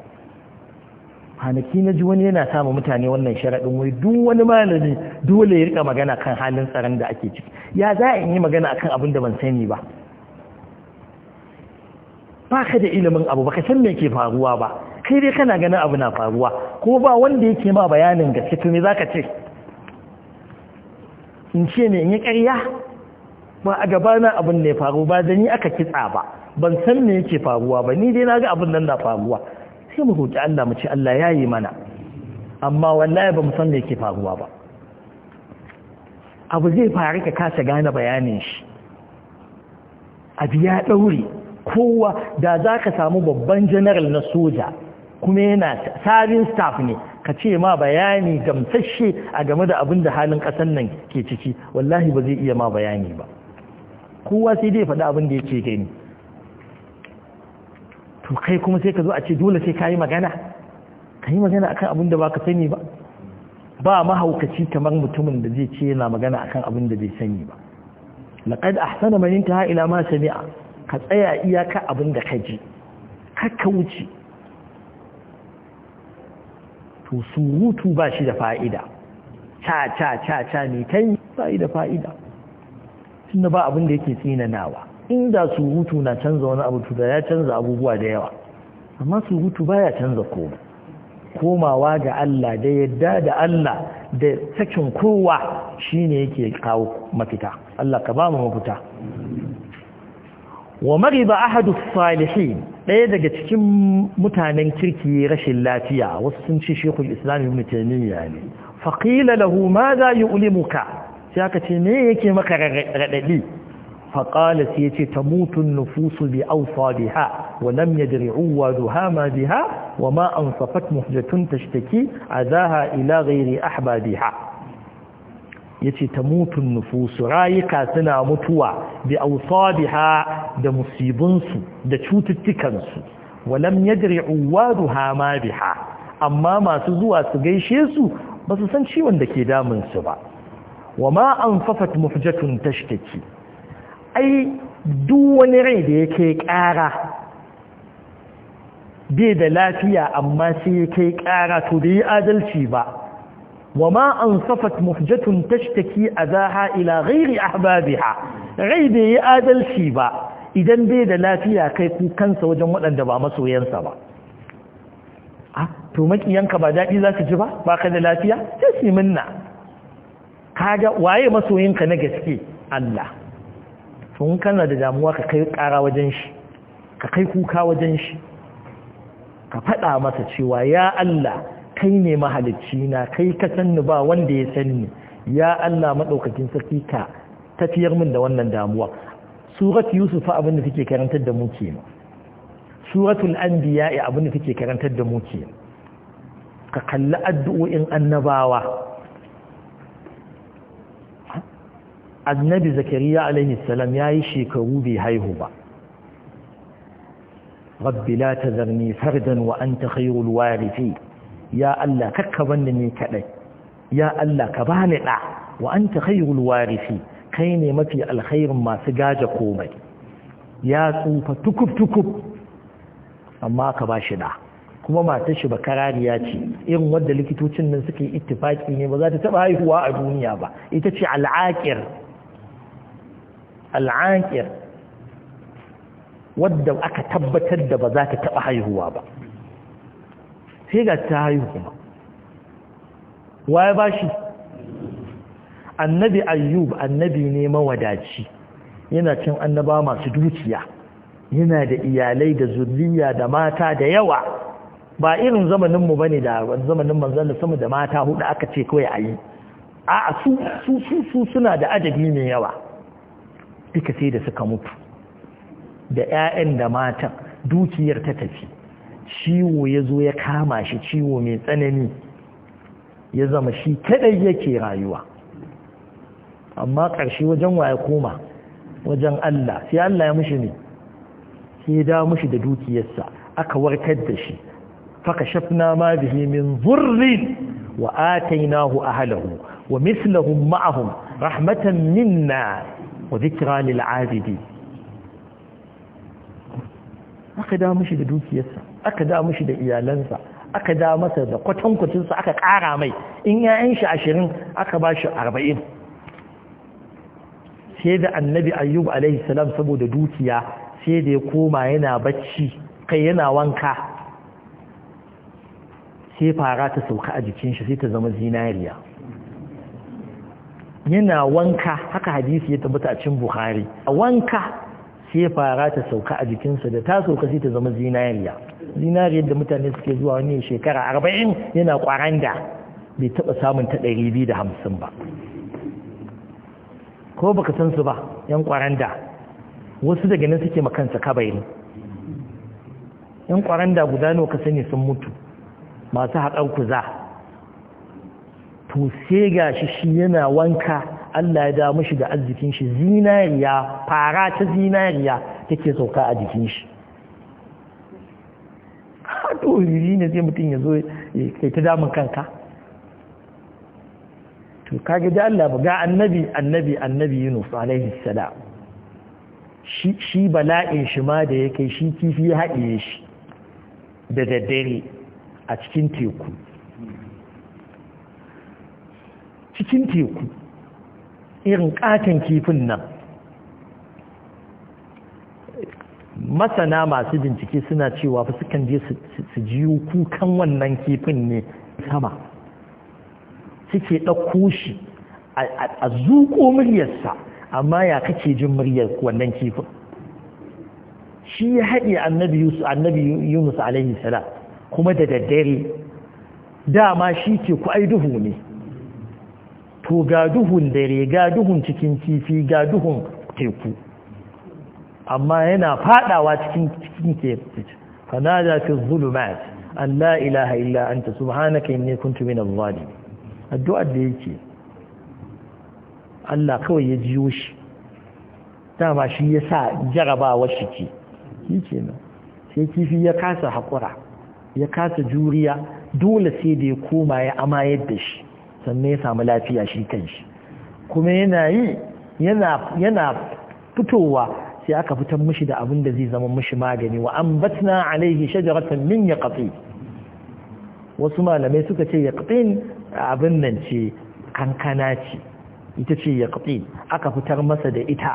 hanaki na ji wani yana samun mutane wannan sharaɗin wai duk wani malami dole ya rika magana kan halin tsaron da ake ciki ya za a yi magana akan abin da ban sani ba ba ka da ilimin abu ba ka san me ke faruwa ba kai dai kana ganin abu na faruwa ko ba wanda yake ma bayanin gaske to me zaka ce in ce ne in yi ƙarya ba a gabana abin da ya faru ba da aka kitsa ba ban san me yake faruwa ba ni dai na ga abin nan na faruwa sai mu roƙi Allah mu ce Allah ya yi mana amma wallahi ba mu san me yake faruwa ba abu zai faru ka kasa gane bayanin shi abu ya ɗaure kowa da za ka samu babban general na soja kuma yana sabin staff ne ka ce ma bayani gamsashe a game da abin da halin ƙasar nan ke ciki wallahi ba zai iya ma bayani ba kowa sai dai faɗi abin da yake gani to kai kuma sai ka zo a ce dole sai ka yi magana ka yi magana akan abin da ba ka sani ba ba mahaukaci kamar mutumin da zai ce yana magana akan abin da bai sani ba laqad ahsana man intaha ila ma sami'a ka tsaya iyaka abin da ka ji ka wuce to surutu ba shi da fa'ida ca ca ca ca ne yi ba da fa'ida tunda ba abin da yake tsinanawa inda surutu na canza wani abu tuta ya canza abubuwa da yawa amma surutu baya canza komai komawa ga Allah da yadda da Allah da sakin kowa shine yake kawo mafita Allah ka ba mu mafita wa mariba ahadu salihin ɗaya daga cikin mutanen kirki rashin lafiya wasu sun ce shekul islam ibn ne faƙila lahu ma za ulimuka sai aka ce me yake maka radadi faqala sai yace ta an-nufusu bi awsabiha wa lam yadri'u wa duhama biha wa ma ansafat muhdatun tashtaki zaha ila ghairi ahbabiha yace tamutun nufusu rayuka suna mutuwa bi ausabiha da musibinsu, da cututtukansu walam yadri uwaduha ma biha amma masu zuwa su gaishe su ba su san ciwon da ke damun su ba wa ma anfafat muhjatun tashtaki ai duk wani rai da yake kara bai da lafiya amma sai ya kai ƙara to da yi adalci ba وما أنصفت مفجة تشتكي أذاها إلى غير أحبابها غير آدل شيبا idan bai da lafiya kai kukansa wajen waɗanda ba masoyansa ba a to ba daɗi za su ji ba ba ka da lafiya sai su minna kaga waye masoyinka na gaske Allah tun kana da damuwa ka kai ƙara wajen shi ka kai kuka wajen shi ka faɗa masa cewa ya Allah kai ne mahalicci na kai ka sanni ba wanda ya sanni ya Allah maɗaukakin sarki ka tafiyar min da wannan damuwa surat yusuf abin da take karantar da mu kenan suratul anbiya abin da take karantar da mu ka kalli addu'o'in annabawa annabi zakariya alaihi salam yayi shekaru bai haihu ba rabbi la tazarni fardan wa anta khayrul warithin ya Allah kakka banda ni kadai ya Allah ka bani da wa ta khayrul warisi kai ne mafi alkhairin masu gaja komai ya tsufa tukub tukub amma ka bashi da kuma matar shi bakarariya ce irin wadda likitocin nan suke ittifaki ne ba za ta taɓa haihuwa a duniya ba ita ce al'aqir al'aqir wadda aka tabbatar da ba za ta taba haihuwa ba sai ga ta haihu kuma waye ba shi annabi ayyub annabi ne mawadaci yana cin annaba masu dukiya yana da iyalai da zurriya da mata da yawa ba irin zamaninmu ba ne da zamanin manzan da sama da mata hudu aka ce kawai a yi a su su suna da ajabi mai yawa duka sai da suka mutu da 'ya'yan da matan dukiyar ta tafi ciwo ya zo ya kama shi ciwo mai tsanani ya zama shi kadai yake rayuwa amma ƙarshe wajen waya koma wajen Allah sai Allah ya mushi ne sai ya dawo mushi da dukiyarsa aka warkar da shi faka shafna ma bihi min zurri wa atainahu ahlahu wa mislahum ma'ahum rahmatan minna wa dhikra lil 'abidin aka dawo mushi da dukiyarsa aka da mushi da iyalansa aka da masa da kwatankwacinsa aka kara mai in yayan shi ashirin aka ba shi arba'in sai da annabi ayyub alaihi salam saboda dukiya sai da ya koma yana bacci kai yana wanka sai fara ta sauka a jikin shi sai ta zama zinariya yana wanka haka hadisi ya tabbata a cikin bukhari a wanka sai fara ta sauka a jikinsa da ta sauka sai ta zama zinariya zinariyar da mutane suke zuwa wani shekara arba'in yana kwaranda bai taɓa samun ta ɗari biyu da hamsin ba ko baka san su ba yan kwaranda wasu daga nan suke makansa ne? yan kwaranda guda nawa ka sani sun mutu masu haƙar kuza to sai ga shi shi yana wanka Allah ya da mashi da arzikin shi zinariya fara ta zinariya take sauka a jikin shi to yiri ne zai mutum ya zo ya kai ta damun kanka to kage da Allah ga annabi annabi annabi Yunus alaihi salam shi bala'in shi ma da yake shi kifi ya haɗiye shi da daddare a cikin teku cikin teku irin katon kifin nan masana masu bincike suna cewa fa sukan je su jiyo kukan wannan kifin ne sama suke ɗauko shi a zuƙo muryarsa amma ya kake jin muryar wannan kifin shi ya haɗe annabi yunus alaihi salam kuma da daddare dama shi ke ku ai duhu ne to ga duhun dare ga duhun cikin kifi ga duhun teku amma yana fadawa cikin cikin ke da fi zulumat an la ilaha illa anta subhanaka inni kuntu min al-zalim addu'ar da yake Allah kawai ya jiyo shi dama shi ya sa jarabawa shi ke shi ke nan sai kifi ya kasa haƙura ya kasa juriya dole sai da ya koma ya amayar da shi sannan ya samu lafiya shi kan shi kuma yana yi yana fitowa sai aka fitar mishi da abin da zai zama mishi magani wa ambatna alaihi shajaratan min yaqti wasu malamai suka ce yaqtin abin nan ce kankana ce ita ce yaqti aka fitar masa da ita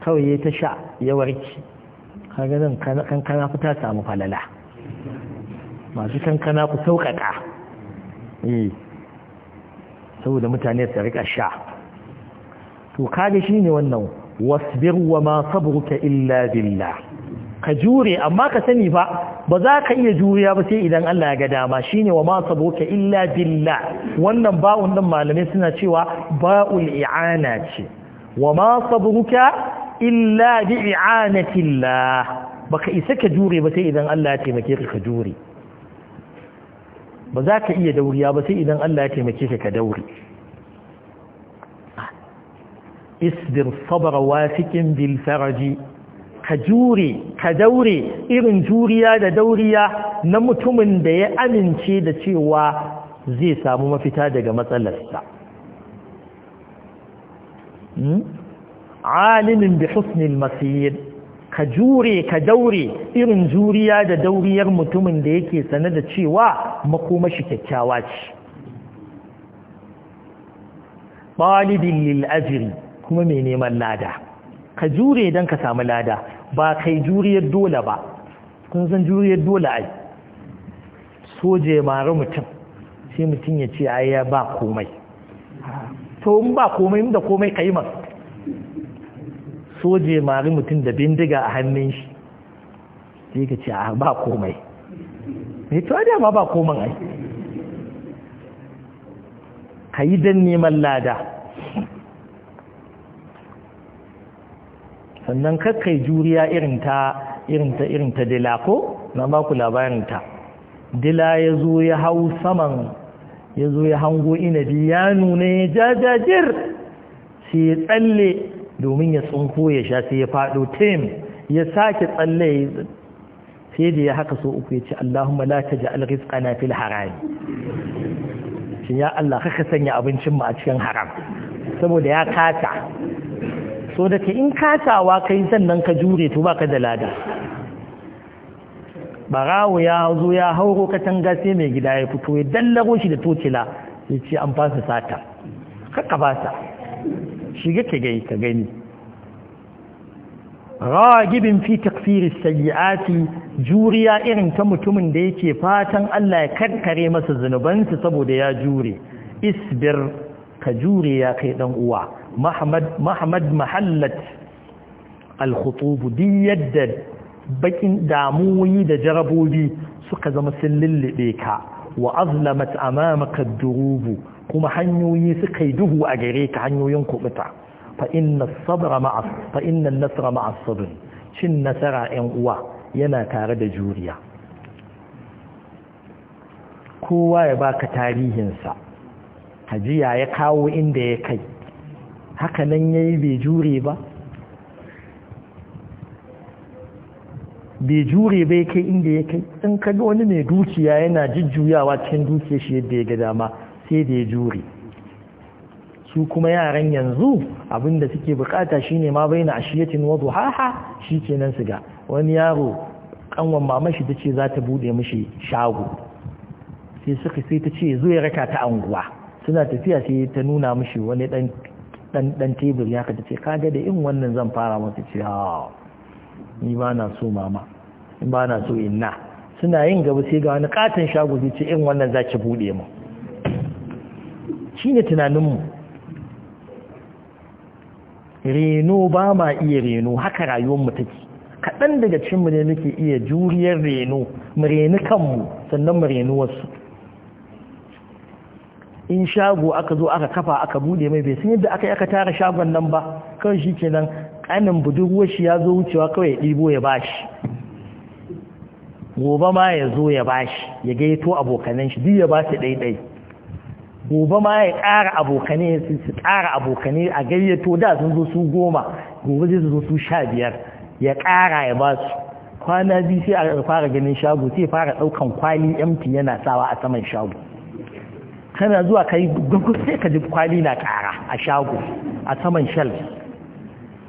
kawai ta sha ya warki kaga nan kankana fita samu falala masu kankana ku sauƙaƙa eh saboda mutane su rika sha to shine wannan wasbir wa ma sabruka illa billah ka jure amma ka sani fa ba za ka iya juriya ba sai idan Allah ya ga dama shine wa ma sabruka illa billah wannan ba'un din malamai suna cewa ba'ul i'ana ce wa ma sabruka illa bi i'anatillah baka isa ka jure ba sai idan Allah ya taimake ka ka jure ba za ka iya dauriya ba sai idan Allah ya taimake ka ka daure isbir sabara wasikin bil faraji ka jure ka daure irin juriya da dauriya na mutumin da ya amince da cewa zai samu mafita daga matsalarsa alimin bi husnil masir ka jure ka daure irin juriya da dauriyar mutumin da yake sane da cewa makomashi kyakkyawa ce ɗalibin lil ajiri kuma mai neman lada ka jure don ka samu lada ba kai juriyar dole ba kun san juriyar dole ai soje mara mutum sai mutum ya ce ai ya ba komai to in ba komai da komai ka yi masu soje mari mutum da bindiga a hannun shi sai ka ce a ba komai mai eh, to ma ba komai ai ka yi don neman lada sannan kakkai juriya irin ta irin dila ko na ba ku labarin ta dila ya zo ya hau saman ya zo ya hango inabi ya nuna ya jajajir sai ya tsalle domin ya tsunko ya sha sai ya faɗo tim ya sake tsalle sai da ya haka so uku ya ce Allahumma la taj'al rizqana fil haram shi ya Allah kaka sanya abincin mu a cikin haram saboda ya kata so da ke in kasawa kai sannan ka jure to baka da lada barawo ya zo ya hauro katon sai mai gida ya fito ya dallaro shi da tocila ya ce an fasa sata kakka fasa shiga ka gai ka gani gibin fi yi ati, juriya irin ta mutumin da yake fatan Allah ya karkare masa zunubansu saboda ya jure isbir ka jure ya kai dan uwa mahmad mahallat alkhutubu duk yadda bakin damuwoyi da jarabobi suka zama sun lullube ka wa azlamat amamaka durubu kuma hanyoyi suka yi duhu a gare ka hanyoyin kubuta fa inna sabra ma'a fa inna nasra ma'a sabr cin nasara yan uwa yana tare da juriya kowa ya baka tarihinsa hajiya ya kawo inda ya kai haka nan ya yi bai jure ba bai jure bai kai inda ya kai in wani mai dukiya yana jujjuyawa cikin dukiyar shi yadda ya ga dama sai da ya jure su kuma yaran yanzu abinda suke bukata shine ma bai baina ashiyatin shi ke nan su ga wani yaro kanwan mama shi ce za ta bude mashi shago sai suka sai ta ce zo ya raka ta anguwa suna tafiya sai ta nuna mashi wani dan dan tebur ya ka ce kaga da in wannan zan fara masa ce ha ni ba na so mama in ba na so inna suna yin gaba sai ga wani katon shago zai ce in wannan za ki buɗe mu shine ne tunaninmu reno ba ma iya reno haka rayuwar rayuwarmu take kaɗan daga cinmu ne muke iya juriyar reno mu reni kanmu sannan mu reni wasu in shago aka zo aka kafa aka bude mai bai sun yadda aka yi aka tara shagon nan ba kawai shi nan ƙanin budurwa shi ya zo wucewa kawai ya ɗibo ya bashi gobe ma ya zo ya bashi ya gaito abokanan shi duk ya ba shi ɗaiɗai gobe ma ya ƙara abokane su ƙara abokane a gayyato da sun zo su goma gobe zai zo su sha biyar ya ƙara ya ba su kwana biyu sai a fara ganin shago sai fara ɗaukan kwali empty yana sawa a saman shago kana zuwa ka yi sai ka ji kwali na kara a shago a saman shal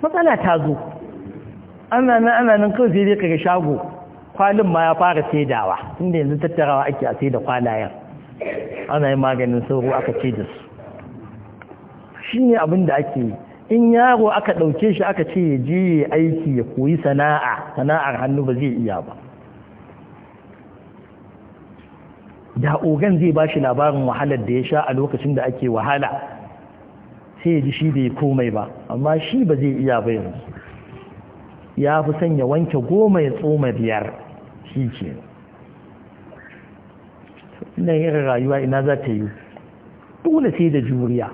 matsala ta zo ana nan ana nan kawai sai dai ga shago kwalin ma ya fara saidawa inda yanzu tattarawa ake a saida kwalayen ana yin maganin sauro aka ce da su shi ne abin da ake yi in yaro aka ɗauke shi aka ce ya je aiki ya koyi sana'a sana'ar hannu ba zai iya ba da ogan zai ba shi labarin wahalar da ya sha a lokacin da ake wahala sai ya ji shi bai komai ba amma shi ba zai iya ba yanzu ya fi sanya wanke goma ya tsoma biyar shi ke na irin rayuwa ina za ta yi dole sai da juriya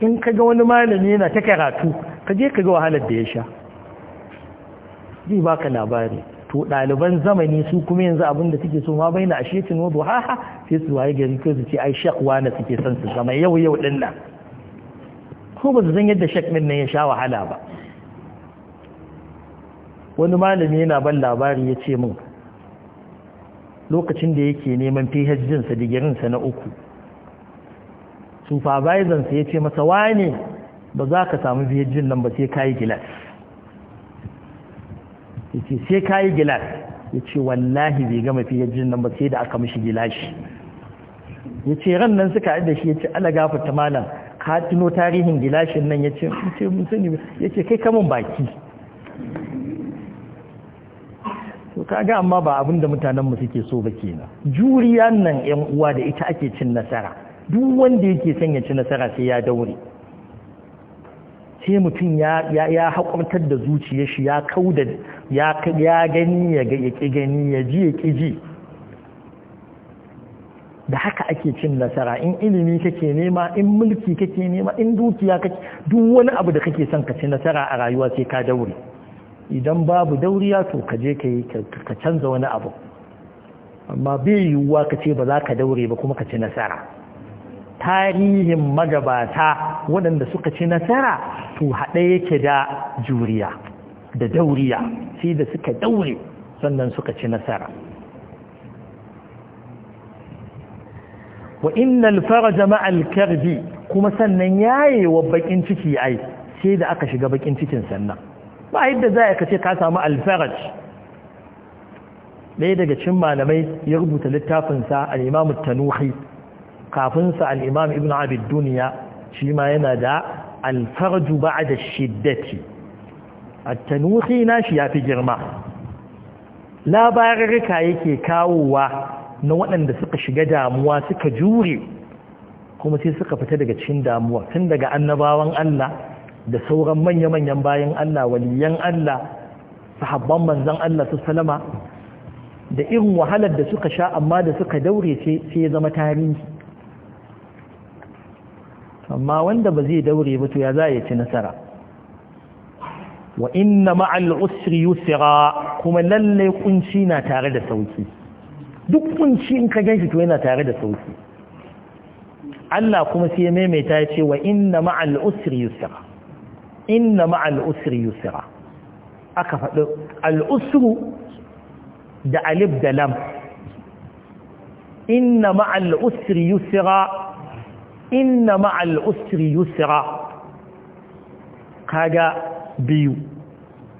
in ka ga wani malami yana ta karatu ka je ka ga wahalar da ya sha zai baka labari to ɗaliban zamani su kuma yanzu abin da suke so ma bai na ashe cin wadu ha ha sai su waye gari ko su ce ai shakwa na suke son su zama yau yau ɗin nan ko ba su zan yadda shek min nan ya sha wahala ba wani malami yana ban labari ya ce min lokacin da yake neman phd sa digirin sa na uku supervisor sa ya ce masa wane ba za ka samu phd nan ba sai ka yi gilas yace sai kayi gilas yace wallahi bai gama fiye jin nan ba sai da aka mishi gilashi yace ran nan suka da shi ce ala ta malam ka tuno tarihin gilashin nan ya ce. ya yace kai kamun baki to kaga amma ba abin da mutanen mu suke so ba kenan juriya nan yan uwa da ita ake cin nasara duk wanda yake son ya ci nasara sai ya daure sai mutum ya haƙurtar da zuciyar shi ya kau da ya gani ya ƙi gani ya ji ya ƙi ji da haka ake cin nasara in ilimi kake nema in mulki kake nema in dukiya kake duk wani abu da kake son ka ci nasara a rayuwa sai ka daure idan babu dauriya to ka je ka ka canza wani abu amma bai yiwuwa ka ce ba za ka daure ba kuma ka ci nasara tarihin magabata waɗanda suka ci nasara to haɗe yake da juriya da dauriya sai da suka daure sannan suka ci nasara wa innal faraja ma'al karbi kuma sannan yayewa bakin ciki ai sai da aka shiga bakin cikin sannan ba yadda za ka ce ka samu alfaraj ɗaya daga cin malamai ya rubuta littafinsa al'imamu tanuhi kafinsa al'imam ibn abid duniya shi ma yana da alfarju ba da shiddati attanuhi nashi ya fi girma labararka yake kawowa na waɗanda suka shiga damuwa suka jure kuma sai suka fita daga cikin damuwa tun daga annabawan Allah da sauran manya-manyan bayan Allah waliyan Allah sahabban manzan Allah su salama da irin wahalar da suka sha amma da suka daure sai ya zama tarihi amma wanda ba zai daure ba to ya za ya ci nasara wa inna ma'al usri yusra kuma lalle kunci na tare da sauki duk kunci in ka ganshi to yana tare da sauki Allah kuma sai maimaita ya ce wa inna ma'al usri yusra inna ma'al usri yusra aka faɗi al'usru da alif da lam inna ma'al usri yusra inna ma'al usri yusra kaga biyu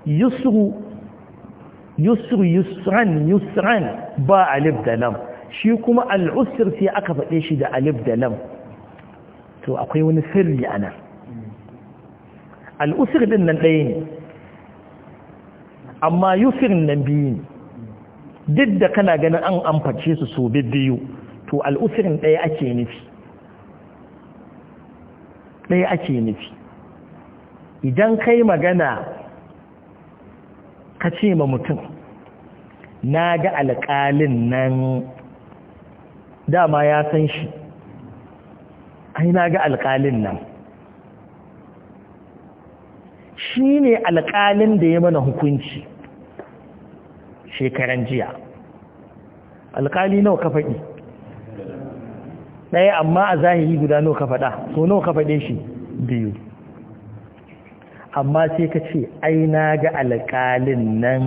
yusru yusru yusran yusran ba alif da lam shi kuma al'usr sai aka faɗe shi da alif da lam to akwai wani sirri ana al'usr al'usir din nan ɗaya ne amma yusrin nan biyu ne duk da kana ganin an amface su so biyu to al'usrin ɗaya ake nufi ɗaya ake nufi idan kai magana ka ce ma mutum na ga alƙalin nan dama ya san shi ai na ga alƙalin nan shi ne alƙalin da ya mana hukunci shekaran jiya alƙali nawa ka faɗi ɗaya amma a zahiri guda nawa ka faɗa so nawa ka faɗe shi biyu amma sai ka ce ai na ga alƙalin nan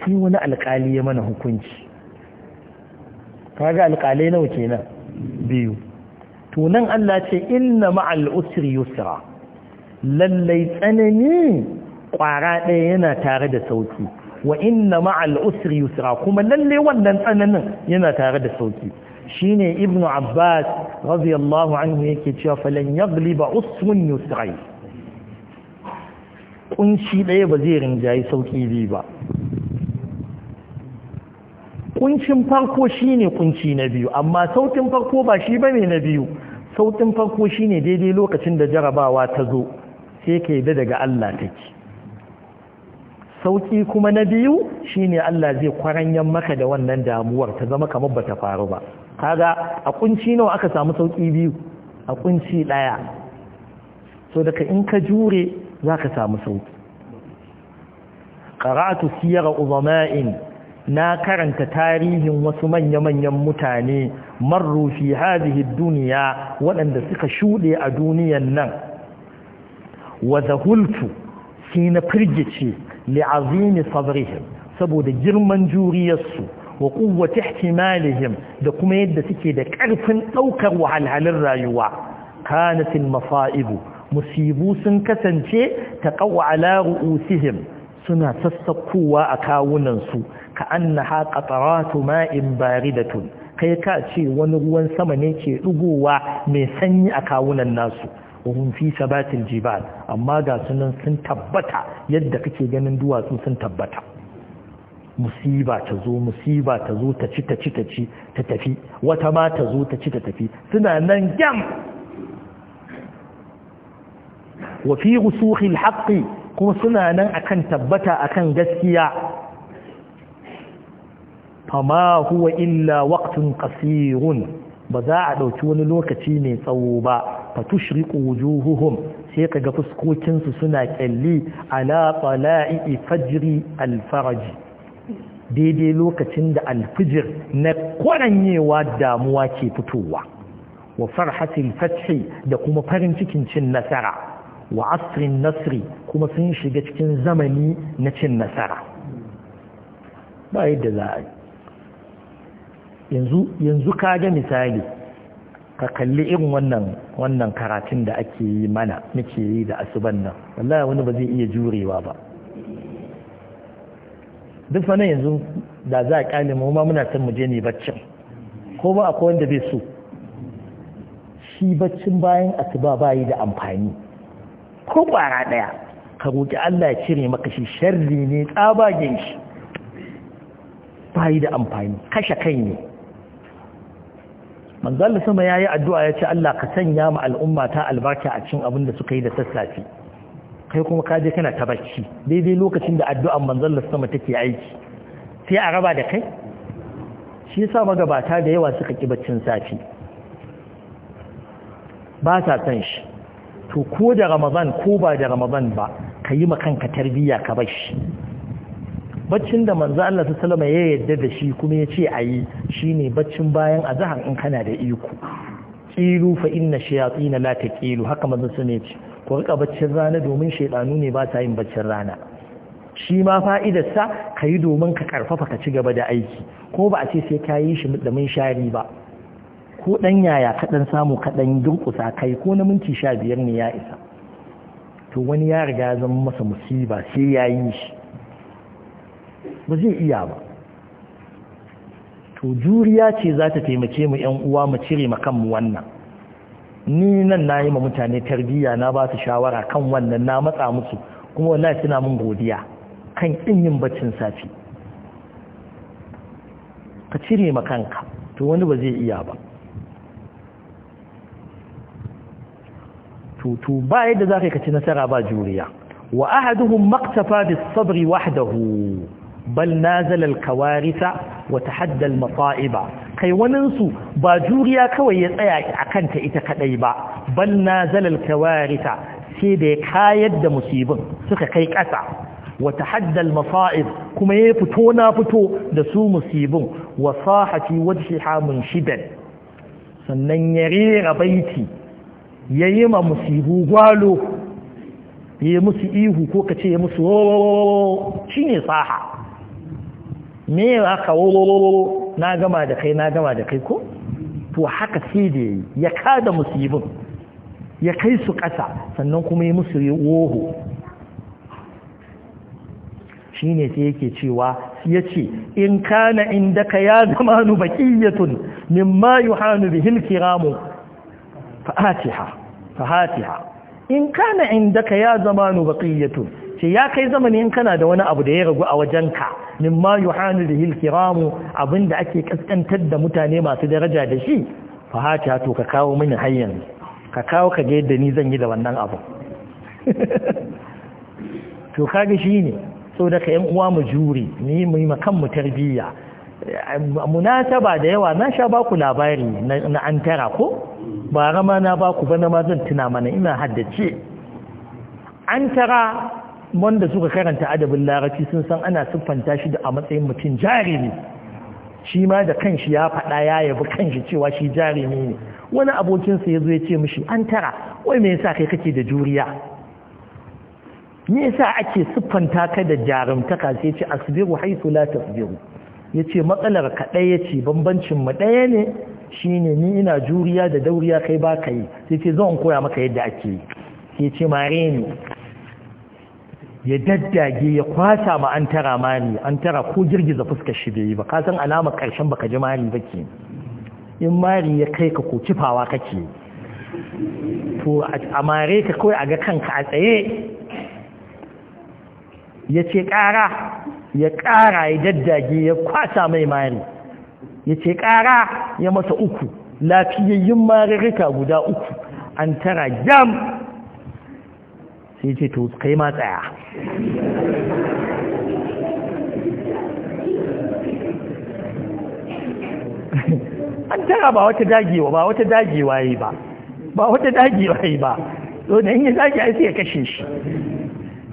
sai wani alƙali ya mana hukunci kaga alƙalai nawa kenan biyu Tunan Allah ce inna ma'al usir yusra lallai tsanani ƙwara ɗaya yana tare da sauki wa inna ma'al usir yusra kuma lallai wannan tsananin yana tare da sauki shine ibnu abbas radiyallahu anhu yake cewa falan yagliba usmun yusrai kunshi ɗaya ba zai rinjayi sauki biyu ba kuncin farko shine kunci na biyu amma sautin farko ba shi bane na biyu sautin farko shine daidai lokacin da jarabawa ta zo sai ka yi daga Allah take sauki kuma na biyu shine Allah zai kwaranyan maka da wannan damuwar ta zama kamar bata faru ba kaga a kunci nawa aka samu sauki biyu a kunci daya so daga in ka jure za ka samu sauki karatu siyara uzama'in na karanta tarihin wasu manya-manyan mutane marru hazihi duniya waɗanda suka shuɗe a duniyan nan wa hultu sai na firgice li'azini azimi sabrihim saboda girman juriyarsu wa kuwwati ihtimalihim da kuma yadda suke da ƙarfin ɗaukar wahalhalin rayuwa kanatin mafa'ibu musibu sun kasance ta ƙawa ala ru'usihim suna sassakowa a kawunansu ka annaha qataratu ma'in baridatun kai ka ce wani ruwan sama ne ke ɗugowa mai sanyi a kawunan nasu wahun fi sabatin jibal amma ga sunan sun tabbata yadda kake ganin duwatsu sun tabbata musiba ta zo musiba ta zo ta ci ta ci ta ci ta tafi wata ma ta zo ta ci ta tafi suna nan gyam wa fi rusuhil kuma suna nan akan tabbata akan gaskiya fama huwa illa waqtun qasirun ba za a dauki wani lokaci mai tsawo ba fatushriqu wujuhuhum sai kaga fuskokin su suna ƙyalli ala tala'i fajri al daidai lokacin da alfijir na kwaranyewa damuwa ke fitowa wa farhatin fathi da kuma farin cikin cin nasara wa asrin nasri kuma sun shiga cikin zamani na cin nasara ba yadda za a yanzu yanzu kaga misali ka kalli irin wannan wannan karatun da ake yi mana muke yi da asuban nan wallahi wani ba zai iya jurewa ba duk fa yanzu da za a kyale mu ma muna son mu je ne baccin ko ba akwai wanda bai so shi baccin bayan asuba bayi da amfani ko kwara daya ka roki Allah ya cire maka shi sharri ne tsabagen shi bayi da amfani kashe kai ne Allah sama yayi addu'a ya ce Allah ka sanya mu al'umma ta albarka a cikin abin da suka yi da sassafe kai kuma ka je kana ta bacci daidai lokacin da addu'an manzon sama take aiki sai a raba da kai shi yasa magabata da yawa suka ki baccin safi ba sa san shi to ko da ramadan ko ba da ramadan ba ka yi kanka tarbiyya ka bar shi baccin da manzo Allah ta salama ya yarda da shi kuma ya ce a yi shi ne baccin bayan a zahar in kana da iko ƙilu fa inna shayatin la taqilu haka su ne ce ku riƙa baccin rana domin shaidanu ne ba ta yin baccin rana shi ma fa'idarsa ka yi domin ka karfafa ka ci gaba da aiki ko ba a ce sai ka yi shi da mun shari ba ko ɗan yaya kaɗan samu kaɗan dunkusa kai ko na minti sha biyar ne ya isa to wani ya riga zama masa musiba sai ya yi shi ba zai iya ba to juriya ce za ta taimake mu ‘yan uwa mu cire mu kanmu wannan ni nan na yi ma mutane tarbiyya na ba su shawara kan wannan na matsa musu kuma wallahi suna mun godiya kan kin yin baccin safi ka cire ma kanka to wani ba zai iya ba to to ba yadda za ka ci nasara ba juriya wa ahaduhum maktafa da sabri wahdahu bal nazalal al kawarisa wa tahaddal mafa'iba. masa'iba kai ba juriya kawai ya tsaya a kanta ita kadai ba Ban na zalal kawarita sai da ya kayar da musibin suka kai ƙasa wata haddal masa'ib kuma ya fito na fito da su musibin wa sahati wajhi hamun shidan sannan ya rera baiti ya yi ma musibu gwalo ya yi musu ihu ko kace ce ya musu shi ne saha me aka wololo na gama da kai na gama da kai ko to haka sai da yi ya kada musibin ya kai su ƙasa sannan kuma ya musu yi woho shi ne sai yake cewa ya ce in kana inda ka ya zama nu baƙiyyatun ma yi hannu bihin kiramu fahatiha in kana inda ka ya zama nu baƙiyyatun ce ya kai zamani in kana da wani abu da ya ragu a wajenka ma yuhanu da hilkiramu abinda ake kaskantar da mutane masu daraja da shi fa to ka kawo mini hayyan ka kawo ka ga yadda ni zan yi da wannan abu to kage shi ne da ka yan uwa mu jure ni mu yi makan mu tarbiyya munasaba da yawa na sha baku labari na an tara ko ba rama na baku ba na ma zan tuna mana ina haddace an tara wanda suka karanta adabin Laraci sun san ana siffanta shi da a matsayin mutum ne shi ma da kanshi ya faɗa ya yabi kanshi cewa shi jari ne wani abokinsa ya zo ya ce mishi an tara wai me yasa kai kake da juriya me yasa ake siffanta ka da jarumtaka sai ce asbiru haythu la tasbiru yace matsalar ka ɗaya ce bambancin mu ɗaya ne shine ni ina juriya da dauriya kai ba ka yi sai ce zan koya maka yadda ake yi sai ce mare ne. ya daddage ya kwasa ma an tara mali an tara ko girgiza fuskar shi bai yi ba kasan alamar karshen baka ji mali ba ke in mari ya kai ka ko kifawa kake to a mare ka kawai a ga kanka a tsaye ya ce ƙara ya ƙara ya daddage ya kwasa mai mari ya ce ƙara ya masa uku lafiyayyun marirrika guda uku an tara jam sai ce to kai ma tsaya an tara ba wata dagewa ba wata dagewa yi ba ba wata dagewa yi ba so da in yi dage ai sai ya kashe shi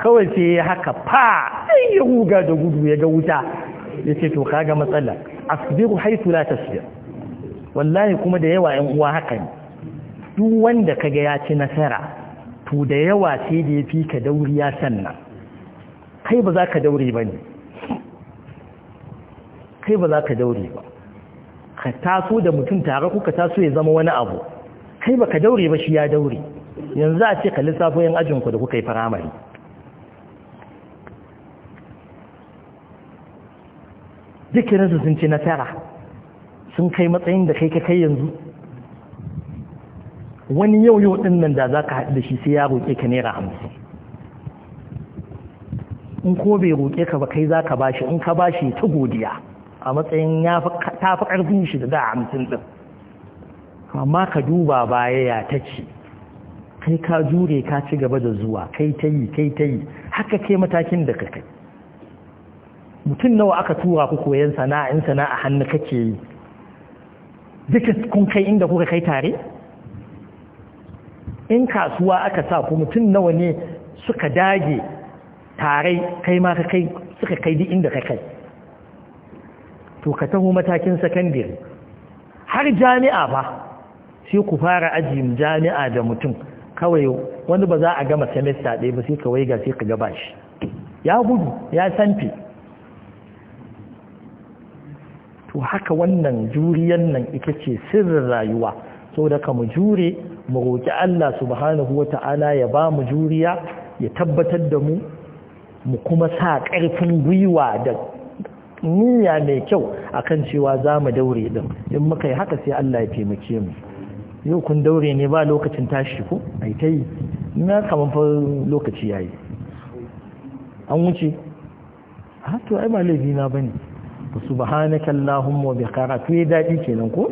kawai sai ya haka fa sai ya ruga da gudu ya ga wuta ya ce to kaga matsala asbiru haitu la tasbir wallahi kuma da yawa yan uwa haka ne duk wanda kaga ya ci nasara to da yawa sai da ya fi ka dauriya sannan kai ba za ka daure ba ne kai ba za ka daure ba ka taso da mutum tare ka taso ya zama wani abu kai ba ka daure ba shi ya daure yanzu a ce ka lissafo yan ajinku da kuka yi firamare Dukkaninsu sun ci nasara sun kai matsayin da kai ka kai yanzu wani yau yau din nan da za ka haɗu da shi sai ya roƙe ka naira hamsin in ko bai roƙe ka ba kai za ka bashi in ka bashi ta godiya a matsayin ta fi ƙarfin shi da da hamsin ɗin amma ka duba baya ya ta ce kai ka jure ka ci gaba da zuwa kai ta yi kai ta yi haka kai matakin da ka kai mutum nawa aka tura ku koyan sana'a in sana'a hannu kake yi duka kun kai inda kuka kai tare in kasuwa aka sa ku mutum nawa ne suka dage tare kai ma kai suka kai duk inda ka kai to ka taho matakin sakandare har jami'a ba sai ku fara ajiyin jami'a da mutum kawai wani ba za a gama semester ɗaya ba sai ka ga sai ka gaba shi ya gudu ya sanfi to haka wannan juriyan nan ita ce sirrin rayuwa saboda ka mu jure mu roƙi Allah subhanahu wata'ala ya ba mu juriya ya tabbatar da mu mu kuma sa ƙarfin gwiwa da niyya mai kyau akan cewa za mu daure din in muka yi haka sai Allah ya taimake mu yau kun daure ne ba lokacin tashi ko ai ta yi na kamar fa lokaci yayi an wuce ha to ai ba laifi na bane subhanaka wa bihamdika to ya dadi kenan ko